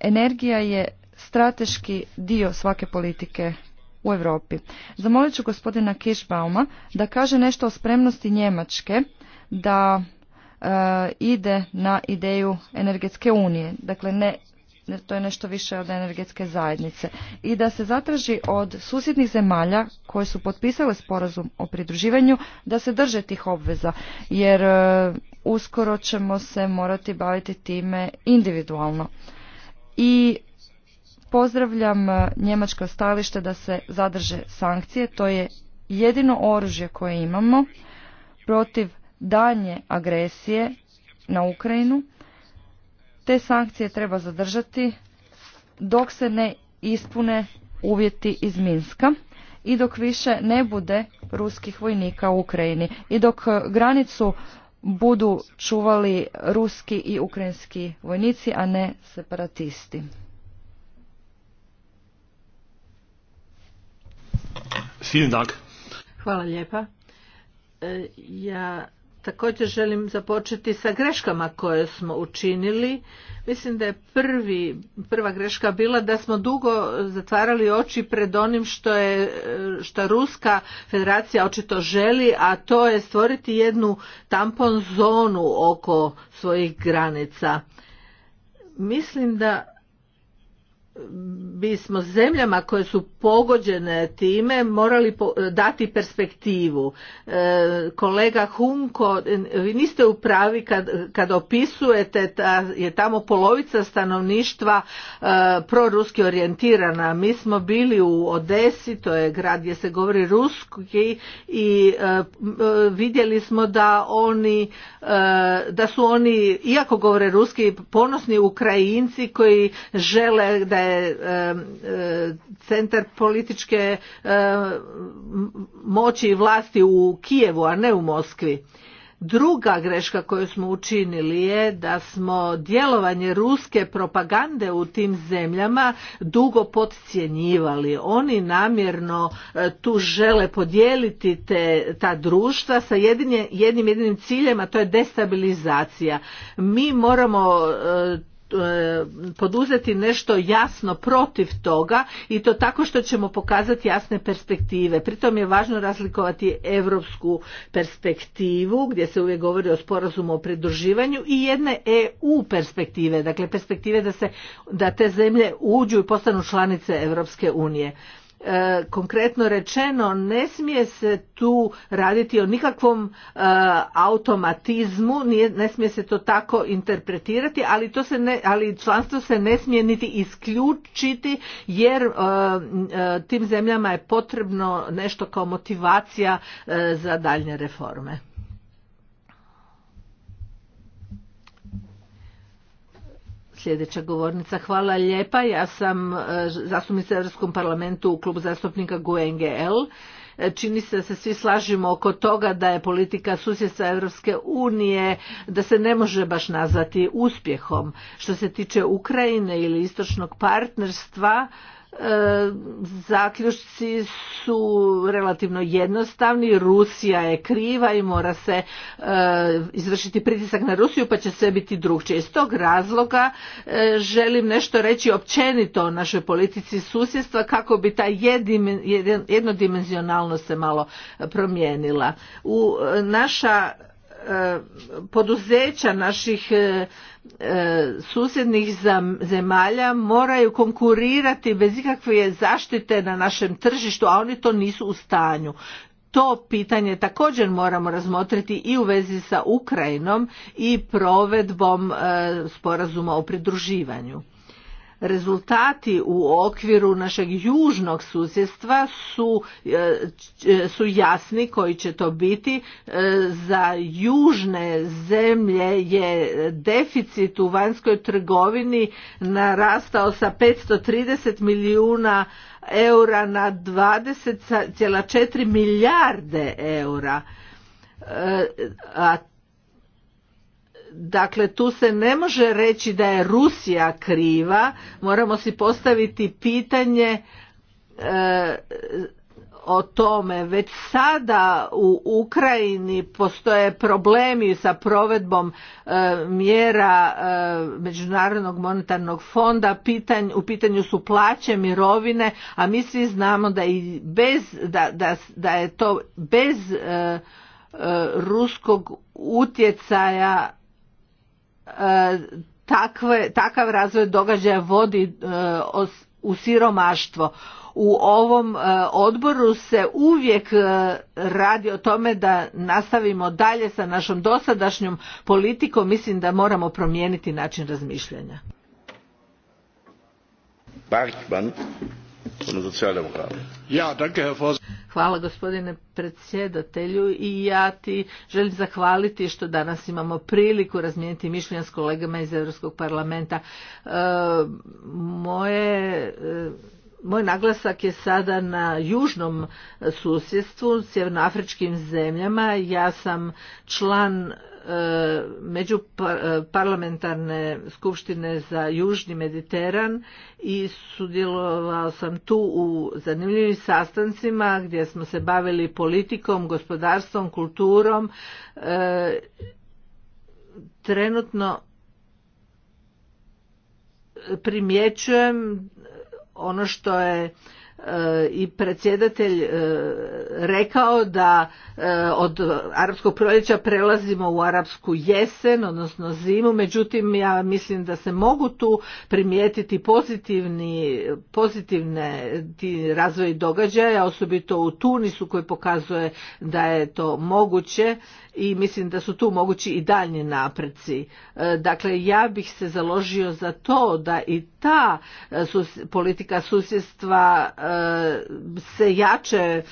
energija je strateški dio svake politike u Europi. Zamolit ću gospodina Kirschbauma da kaže nešto o spremnosti Njemačke da e, ide na ideju energetske unije. Dakle, ne to je nešto više od energetske zajednice i da se zatraži od susjednih zemalja koje su potpisale sporazum o pridruživanju da se drže tih obveza jer e, uskoro ćemo se morati baviti time individualno i Pozdravljam e, njemačko stalište da se zadrže sankcije. To je jedino oružje koje imamo protiv danje agresije na Ukrajinu. Te sankcije treba zadržati dok se ne ispune uvjeti iz Minska i dok više ne bude ruskih vojnika u Ukrajini i dok e, granicu budu čuvali ruski i ukrajinski vojnici, a ne separatisti. Hvala lijepa. E, ja također želim započeti sa greškama koje smo učinili. Mislim da je prvi, prva greška bila da smo dugo zatvarali oči pred onim što je što Ruska federacija očito želi, a to je stvoriti jednu tampon zonu oko svojih granica. Mislim da bismo zemljama koje su pogođene time morali dati perspektivu. E, kolega Hunko, vi niste u pravi kad, kad opisujete da je tamo polovica stanovništva e, proruski orijentirana. Mi smo bili u Odesi, to je grad gdje se govori ruski i e, vidjeli smo da oni da su oni, iako govore ruski, ponosni Ukrajinci koji žele da je um, centar političke e, moći i vlasti u Kijevu, a ne u Moskvi. Druga greška koju smo učinili je da smo djelovanje ruske propagande u tim zemljama dugo podcjenjivali. Oni namjerno e, tu žele podijeliti te, ta društva sa jednim jedinim ciljem, a to je destabilizacija. Mi moramo e, E, poduzeti nešto jasno protiv toga i to tako što ćemo pokazati jasne perspektive. Pritom je važno razlikovati europsku perspektivu gdje se uvijek govori o sporazumu o pridruživanju i jedne EU perspektive, dakle perspektive da se da te zemlje uđu i postanu članice Europske unije. E, konkretno rečeno ne smije se tu raditi o nikakvom e, automatizmu ne smije se to tako interpretirati ali to se ne ali članstvo se ne smije niti isključiti jer e, tim zemljama je potrebno nešto kao motivacija za daljnje reforme Sljedeća govornica. Hvala lijepa. Ja sam e, zastupnica u Europskom parlamentu u klubu zastupnika GUNGL. E e, čini se da se svi slažimo oko toga da je politika susjedstva Europske unije da se ne može baš nazvati uspjehom. Što se tiče Ukrajine ili istočnog partnerstva, E, zaključci su relativno jednostavni rusija je kriva i mora se e, izvršiti pritisak na rusiju pa će sve biti drukčije iz tog razloga e, želim nešto reći općenito o našoj politici susjedstva kako bi ta jednodimenzionalnost se malo promijenila u naša poduzeća naših e, e, susjednih zemalja moraju konkurirati bez ikakve zaštite na našem tržištu, a oni to nisu u stanju. To pitanje također moramo razmotriti i u vezi sa Ukrajinom i provedbom e, sporazuma o pridruživanju rezultati u okviru našeg južnog susjedstva su, e, e, su jasni koji će to biti. E, za južne zemlje je deficit u vanjskoj trgovini narastao sa 530 milijuna eura na 20,4 milijarde eura a Dakle, tu se ne može reći da je Rusija kriva, moramo si postaviti pitanje e, o tome. Već sada u Ukrajini postoje problemi sa provedbom e, mjera e, Međunarodnog monetarnog fonda, u pitanju su plaće, mirovine, a mi svi znamo da i bez, da, da, da je to bez ruskog utjecaja E, takve, takav razvoj događaja vodi e, u siromaštvo u ovom e, odboru se uvijek radi o tome da nastavimo dalje sa našom dosadašnjom politikom mislim da moramo promijeniti način razmišljanja Hvala gospodine predsjedatelju i ja ti želim zahvaliti što danas imamo priliku razmijeniti mišljenja s kolegama iz Europskog parlamenta. E, moje e, moj naglasak je sada na južnom susjedstvu, sjevernoafričkim zemljama. Ja sam član E, među pa, e, parlamentarne skupštine za Južni Mediteran i sudjelovao sam tu u zanimljivim sastancima gdje smo se bavili politikom, gospodarstvom, kulturom. E, trenutno primjećujem ono što je i predsjedatelj e, rekao da e, od arapskog proljeća prelazimo u arapsku jesen, odnosno zimu, međutim ja mislim da se mogu tu primijetiti pozitivni, pozitivne ti razvoj događaja, osobito u Tunisu koji pokazuje da je to moguće i mislim da su tu mogući i daljnji napreci. E, dakle, ja bih se založio za to da i ta e, politika susjedstva e, se jače,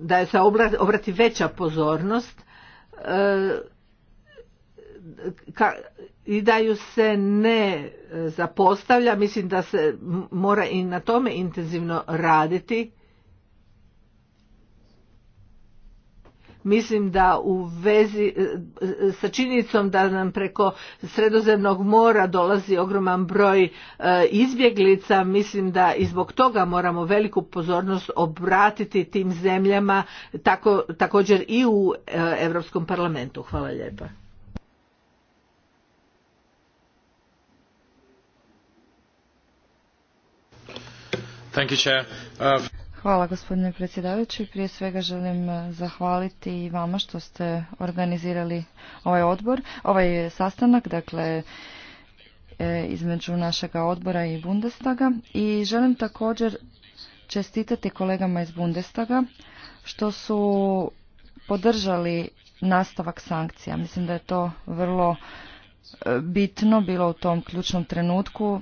da se obrati veća pozornost i da ju se ne zapostavlja. Mislim da se mora i na tome intenzivno raditi mislim da u vezi e, e, sa činjenicom da nam preko sredozemnog mora dolazi ogroman broj e, izbjeglica mislim da i zbog toga moramo veliku pozornost obratiti tim zemljama tako, također i u europskom parlamentu hvala lijepa Thank you, Chair. Uh, Hvala gospodine predsjedavajući. Prije svega želim e, zahvaliti i vama što ste organizirali ovaj odbor, ovaj sastanak, dakle e, između našega odbora i Bundestaga i želim također čestitati kolegama iz Bundestaga što su podržali nastavak sankcija. Mislim da je to vrlo e, bitno bilo u tom ključnom trenutku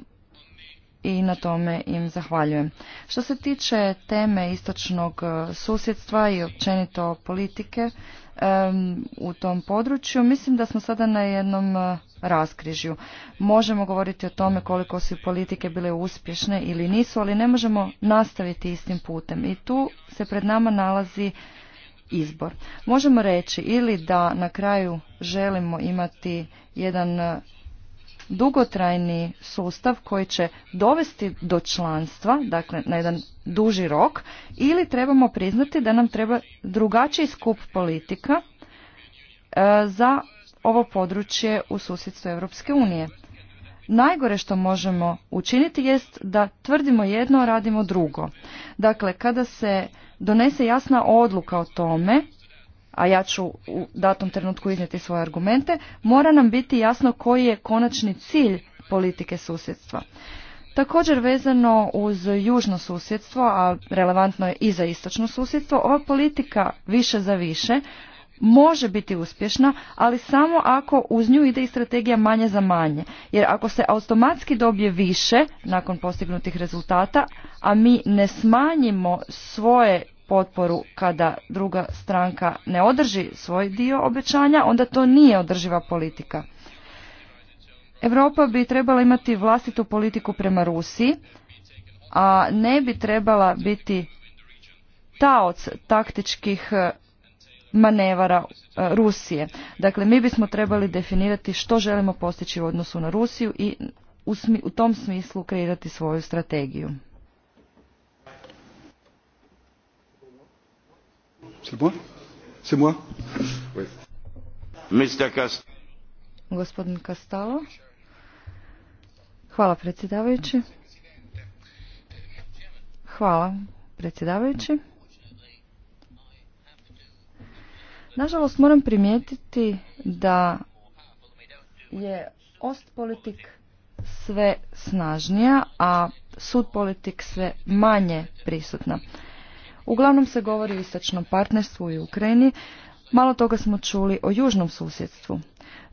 i na tome im zahvaljujem. Što se tiče teme istočnog e, susjedstva i općenito politike e, u tom području, mislim da smo sada na jednom e, raskrižju. Možemo govoriti o tome koliko su politike bile uspješne ili nisu, ali ne možemo nastaviti istim putem. I tu se pred nama nalazi izbor. Možemo reći ili da na kraju želimo imati jedan dugotrajni sustav koji će dovesti do članstva, dakle na jedan duži rok, ili trebamo priznati da nam treba drugačiji skup politika e, za ovo područje u susjedstvu Europske unije. Najgore što možemo učiniti jest da tvrdimo jedno, a radimo drugo. Dakle, kada se donese jasna odluka o tome a ja ću u datom trenutku iznijeti svoje argumente, mora nam biti jasno koji je konačni cilj politike susjedstva. Također vezano uz južno susjedstvo, a relevantno je i za istočno susjedstvo, ova politika više za više može biti uspješna, ali samo ako uz nju ide i strategija manje za manje. Jer ako se automatski dobije više nakon postignutih rezultata, a mi ne smanjimo svoje potporu kada druga stranka ne održi svoj dio obećanja, onda to nije održiva politika. Europa bi trebala imati vlastitu politiku prema Rusiji, a ne bi trebala biti taoc taktičkih e, manevara e, Rusije. Dakle, mi bismo trebali definirati što želimo postići u odnosu na Rusiju i u tom smislu kreirati svoju strategiju. Gospodin Kastalo. Hvala predsjedavajući. Hvala predsjedavajući. Nažalost moram primijetiti da je Ostpolitik sve snažnija, a sud politik sve manje prisutna. Uglavnom se govori o istočnom partnerstvu i Ukrajini, malo toga smo čuli o južnom susjedstvu.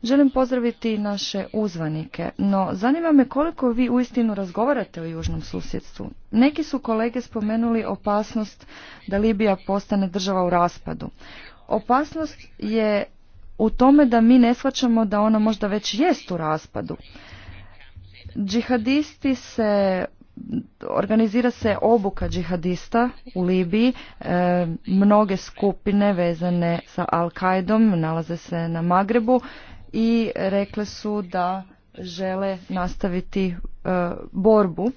Želim pozdraviti naše uzvanike, no zanima me koliko vi uistinu razgovarate o južnom susjedstvu. Neki su kolege spomenuli opasnost da Libija postane država u raspadu. Opasnost je u tome da mi ne shvaćamo da ona možda već jest u raspadu. Džihadisti se organizira se obuka džihadista u Libiji. E, mnoge skupine vezane sa Al-Qaidom nalaze se na Magrebu i rekle su da žele nastaviti e, borbu.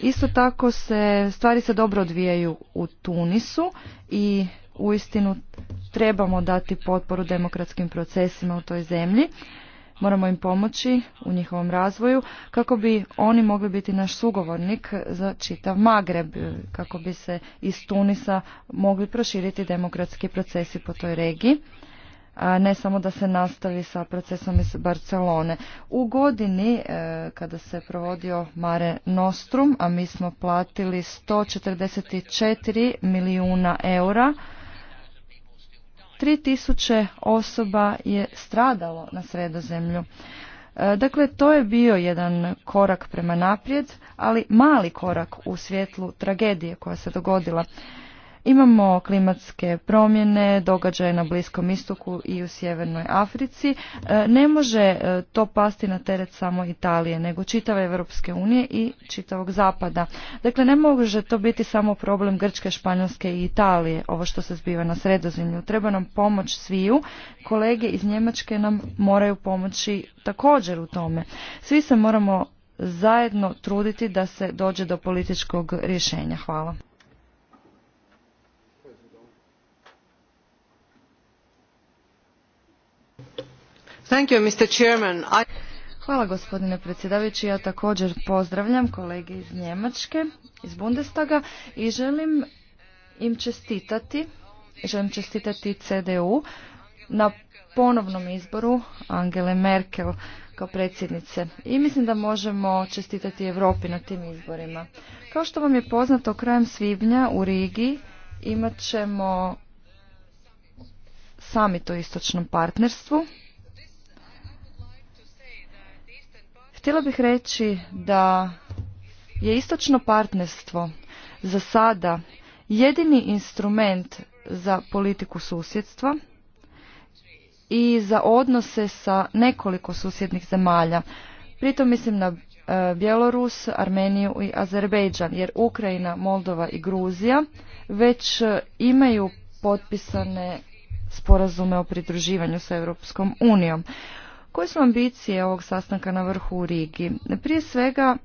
Isto tako se stvari se dobro odvijaju u Tunisu i uistinu trebamo dati potporu demokratskim procesima u toj zemlji. Moramo im pomoći u njihovom razvoju kako bi oni mogli biti naš sugovornik za čitav Magreb, kako bi se iz Tunisa mogli proširiti demokratski procesi po toj regiji. A ne samo da se nastavi sa procesom iz Barcelone. U godini e, kada se provodio Mare Nostrum, a mi smo platili 144 milijuna eura 3000 osoba je stradalo na sredozemlju. E, dakle, to je bio jedan korak prema naprijed, ali mali korak u svjetlu tragedije koja se dogodila. Imamo klimatske promjene, događaje na Bliskom istoku i u Sjevernoj Africi. E, ne može e, to pasti na teret samo Italije, nego čitave Europske unije i čitavog Zapada. Dakle, ne može to biti samo problem Grčke, Španjolske i Italije, ovo što se zbiva na sredozemlju. Treba nam pomoć sviju. Kolege iz Njemačke nam moraju pomoći također u tome. Svi se moramo zajedno truditi da se dođe do političkog rješenja. Hvala. Hvala gospodine predsjedavajući. Ja također pozdravljam kolege iz Njemačke, iz Bundestaga i želim im čestitati, želim čestitati CDU na ponovnom izboru Angele Merkel kao predsjednice i mislim da možemo čestitati Europi na tim izborima. Kao što vam je poznato, krajem svibnja u Rigi imat ćemo samit o istočnom partnerstvu Htjela bih reći da je istočno partnerstvo za sada jedini instrument za politiku susjedstva i za odnose sa nekoliko susjednih zemalja. Pritom mislim na e, Bjelorus, Armeniju i Azerbejdžan, jer Ukrajina, Moldova i Gruzija već e, imaju potpisane sporazume o pridruživanju sa Europskom unijom. Koje su ambicije ovog sastanka na vrhu u Rigi? Prije svega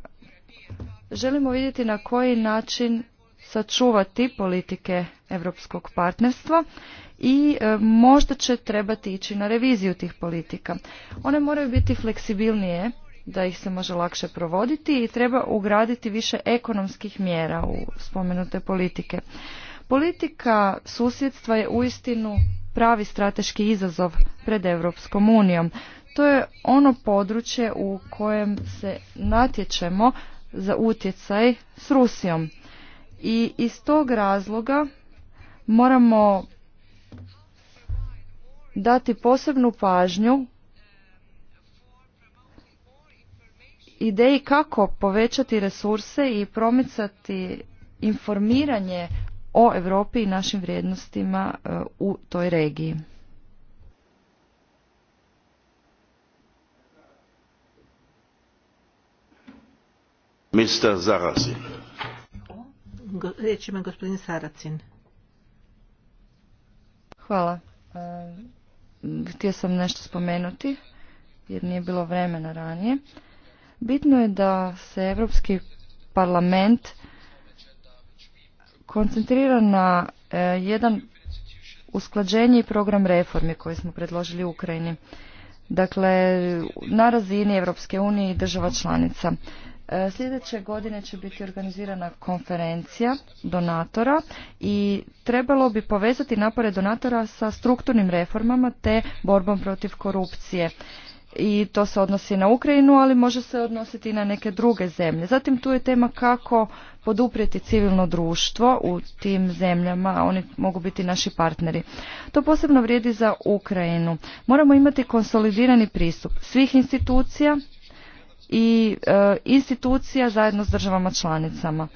želimo vidjeti na koji način sačuvati politike europskog partnerstva i e, možda će trebati ići na reviziju tih politika. One moraju biti fleksibilnije da ih se može lakše provoditi i treba ugraditi više ekonomskih mjera u spomenute politike. Politika susjedstva je uistinu pravi strateški izazov pred Europskom unijom. To je ono područje u kojem se natječemo za utjecaj s Rusijom. I iz tog razloga moramo dati posebnu pažnju ideji kako povećati resurse i promicati informiranje o Europi i našim vrijednostima e, u toj regiji. Saracin. Hvala. E, htio sam nešto spomenuti jer nije bilo vremena ranije. Bitno je da se Europski parlament koncentrira na e, jedan usklađenje i program reformi koji smo predložili Ukrajini. Dakle, na razini Europske unije i država članica. E, sljedeće godine će biti organizirana konferencija donatora i trebalo bi povezati napore donatora sa strukturnim reformama te borbom protiv korupcije i to se odnosi na Ukrajinu, ali može se odnositi i na neke druge zemlje. Zatim tu je tema kako poduprijeti civilno društvo u tim zemljama, a oni mogu biti naši partneri. To posebno vrijedi za Ukrajinu. Moramo imati konsolidirani pristup svih institucija, i e, institucija zajedno s državama članicama.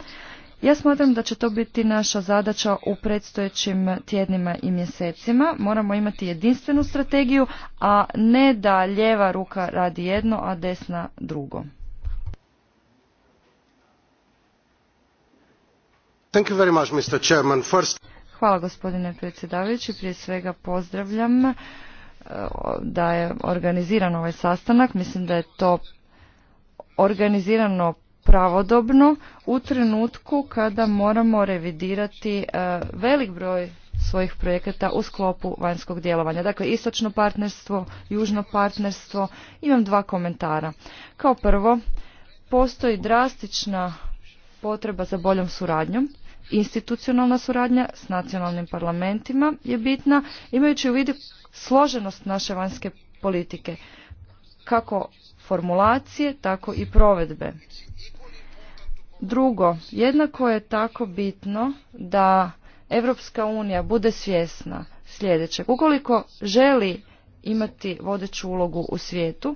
Ja smatram da će to biti naša zadaća u predstojećim tjednima i mjesecima. Moramo imati jedinstvenu strategiju, a ne da ljeva ruka radi jedno, a desna drugo. Thank you very much, Mr. Chairman. First... Hvala gospodine predsjedavajući. Prije svega pozdravljam e, da je organiziran ovaj sastanak. Mislim da je to organizirano pravodobno u trenutku kada moramo revidirati e, velik broj svojih projekata u sklopu vanjskog djelovanja. Dakle, istočno partnerstvo, južno partnerstvo. Imam dva komentara. Kao prvo, postoji drastična potreba za boljom suradnjom. Institucionalna suradnja s nacionalnim parlamentima je bitna, imajući u vidu složenost naše vanjske politike. Kako formulacije, tako i provedbe. Drugo, jednako je tako bitno da Europska unija bude svjesna sljedećeg. Ukoliko želi imati vodeću ulogu u svijetu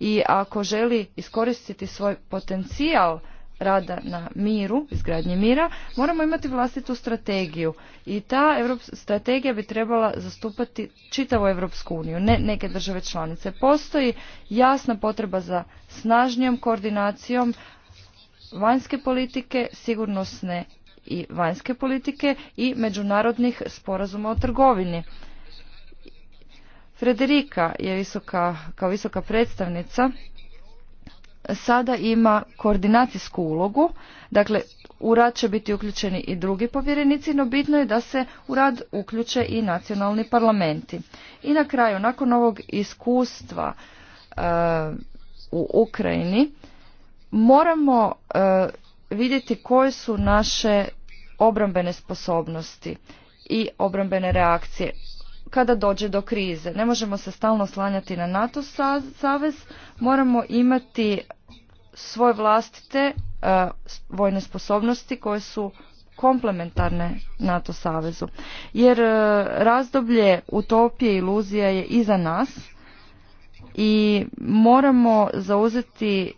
i ako želi iskoristiti svoj potencijal rada na miru, izgradnje mira, moramo imati vlastitu strategiju i ta strategija bi trebala zastupati čitavu Evropsku uniju, ne neke države članice. Postoji jasna potreba za snažnijom koordinacijom vanjske politike, sigurnosne i vanjske politike i međunarodnih sporazuma o trgovini. Frederika je visoka, kao visoka predstavnica sada ima koordinacijsku ulogu, dakle u rad će biti uključeni i drugi povjerenici, no bitno je da se u rad uključe i nacionalni parlamenti. I na kraju, nakon ovog iskustva e, u Ukrajini, moramo e, vidjeti koje su naše obrambene sposobnosti i obrambene reakcije kada dođe do krize. Ne možemo se stalno slanjati na NATO savez, moramo imati svoje vlastite e, vojne sposobnosti koje su komplementarne NATO savezu. Jer e, razdoblje utopije i iluzija je iza nas i moramo zauzeti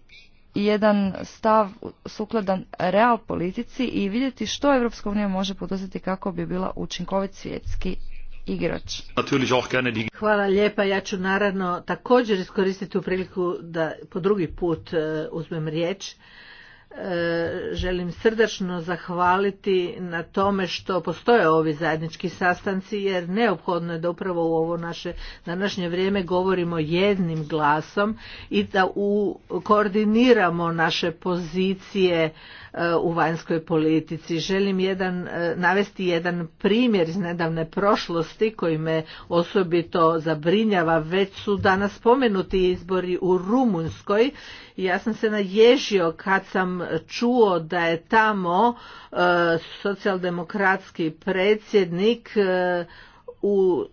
jedan stav sukladan real politici i vidjeti što Europska unija može poduzeti kako bi bila učinkovit svjetski igrač. Hvala lijepa, ja ću naravno također iskoristiti u priliku da po drugi put e, uzmem riječ. E, želim srdačno zahvaliti na tome što postoje ovi zajednički sastanci jer neophodno je da upravo u ovo naše današnje vrijeme govorimo jednim glasom i da koordiniramo naše pozicije E, u vanjskoj politici. Želim jedan, e, navesti jedan primjer iz nedavne prošlosti koji me osobito zabrinjava. Već su danas spomenuti izbori u Rumunskoj. Ja sam se naježio kad sam čuo da je tamo e, socijaldemokratski predsjednik u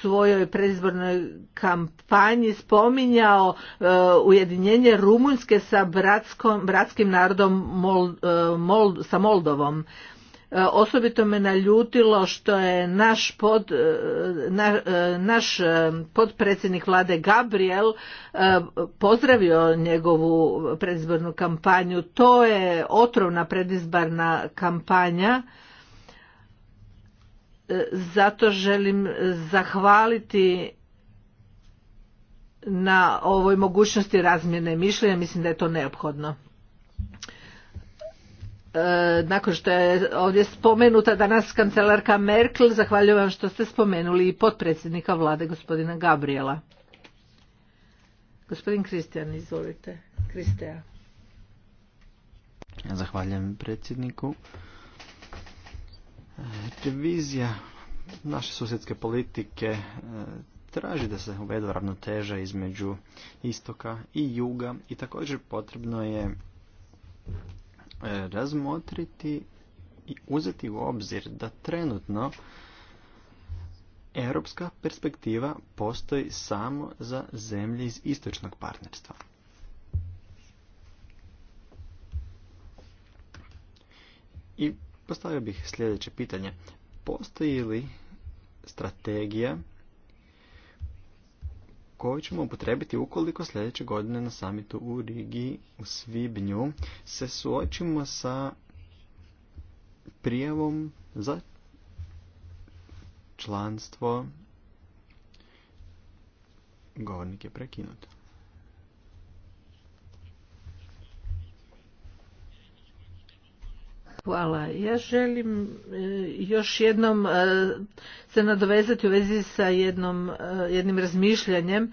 svojoj predizbornoj kampanji spominjao e, ujedinjenje Rumunjske sa bratskom, bratskim narodom e, sa Moldovom. E, osobito me naljutilo što je naš, pod, na, naš podpredsjednik vlade Gabriel pozdravio njegovu predizbornu kampanju. To je otrovna predizborna kampanja zato želim zahvaliti na ovoj mogućnosti razmjene mišljenja, mislim da je to neophodno. E, nakon što je ovdje spomenuta danas kancelarka Merkel, zahvaljujem vam što ste spomenuli i potpredsjednika vlade gospodina Gabriela. Gospodin Kristijan, izvolite. Kristija. Zahvaljujem predsjedniku. Revizija naše susjedske politike e, traži da se uvedu ravnoteža između istoka i juga i također potrebno je e, razmotriti i uzeti u obzir da trenutno europska perspektiva postoji samo za zemlje iz istočnog partnerstva. I Postavio bih sljedeće pitanje. Postoji li strategija koju ćemo upotrebiti ukoliko sljedeće godine na samitu u Rigi u Svibnju se suočimo sa prijavom za članstvo govornik je Hvala. Ja želim e, još jednom e, se nadovezati u vezi sa jednom, e, jednim razmišljanjem.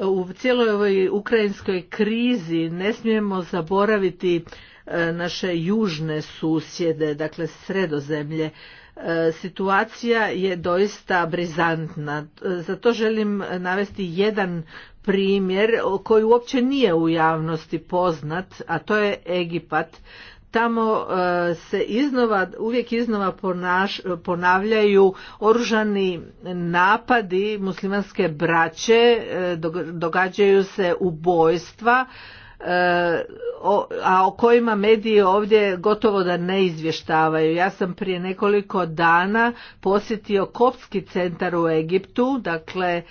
U cijeloj ovoj ukrajinskoj krizi ne smijemo zaboraviti naše južne susjede, dakle sredozemlje. Situacija je doista brizantna. Zato želim navesti jedan primjer koji uopće nije u javnosti poznat, a to je Egipat tamo e, se iznova, uvijek iznova ponavljaju oružani napadi muslimanske braće, e, događaju se ubojstva, e, a o kojima mediji ovdje gotovo da ne izvještavaju. Ja sam prije nekoliko dana posjetio Kopski centar u Egiptu, dakle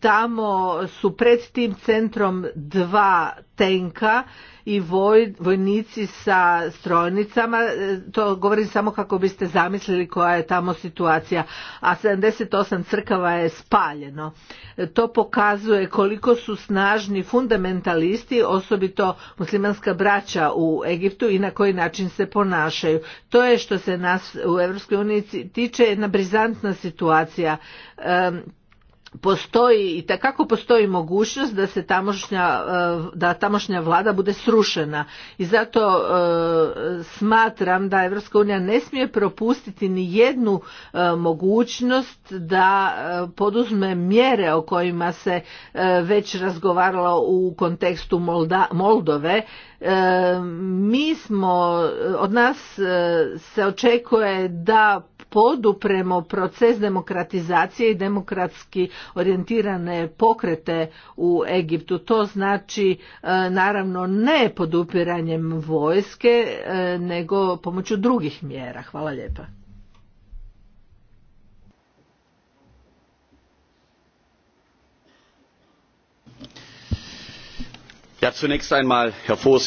tamo su pred tim centrom dva tenka i vojnici sa strojnicama, e, to govorim samo kako biste zamislili koja je tamo situacija, a 78 crkava je spaljeno. E, to pokazuje koliko su snažni fundamentalisti, osobito muslimanska braća u Egiptu i na koji način se ponašaju. To je što se nas u EU tiče jedna brizantna situacija. E, postoji i kako postoji mogućnost da se tamošnja, e, da tamošnja vlada bude srušena i zato e, smatram da Evropska unija ne smije propustiti ni jednu e, mogućnost da poduzme mjere o kojima se već razgovaralo u kontekstu Moldove mi smo od nas se očekuje da podupremo proces demokratizacije i demokratski orijentirane pokrete u Egiptu. To znači e, naravno ne podupiranjem vojske e, nego pomoću drugih mjera. Hvala lijepa. Ja, zunächst einmal, Herr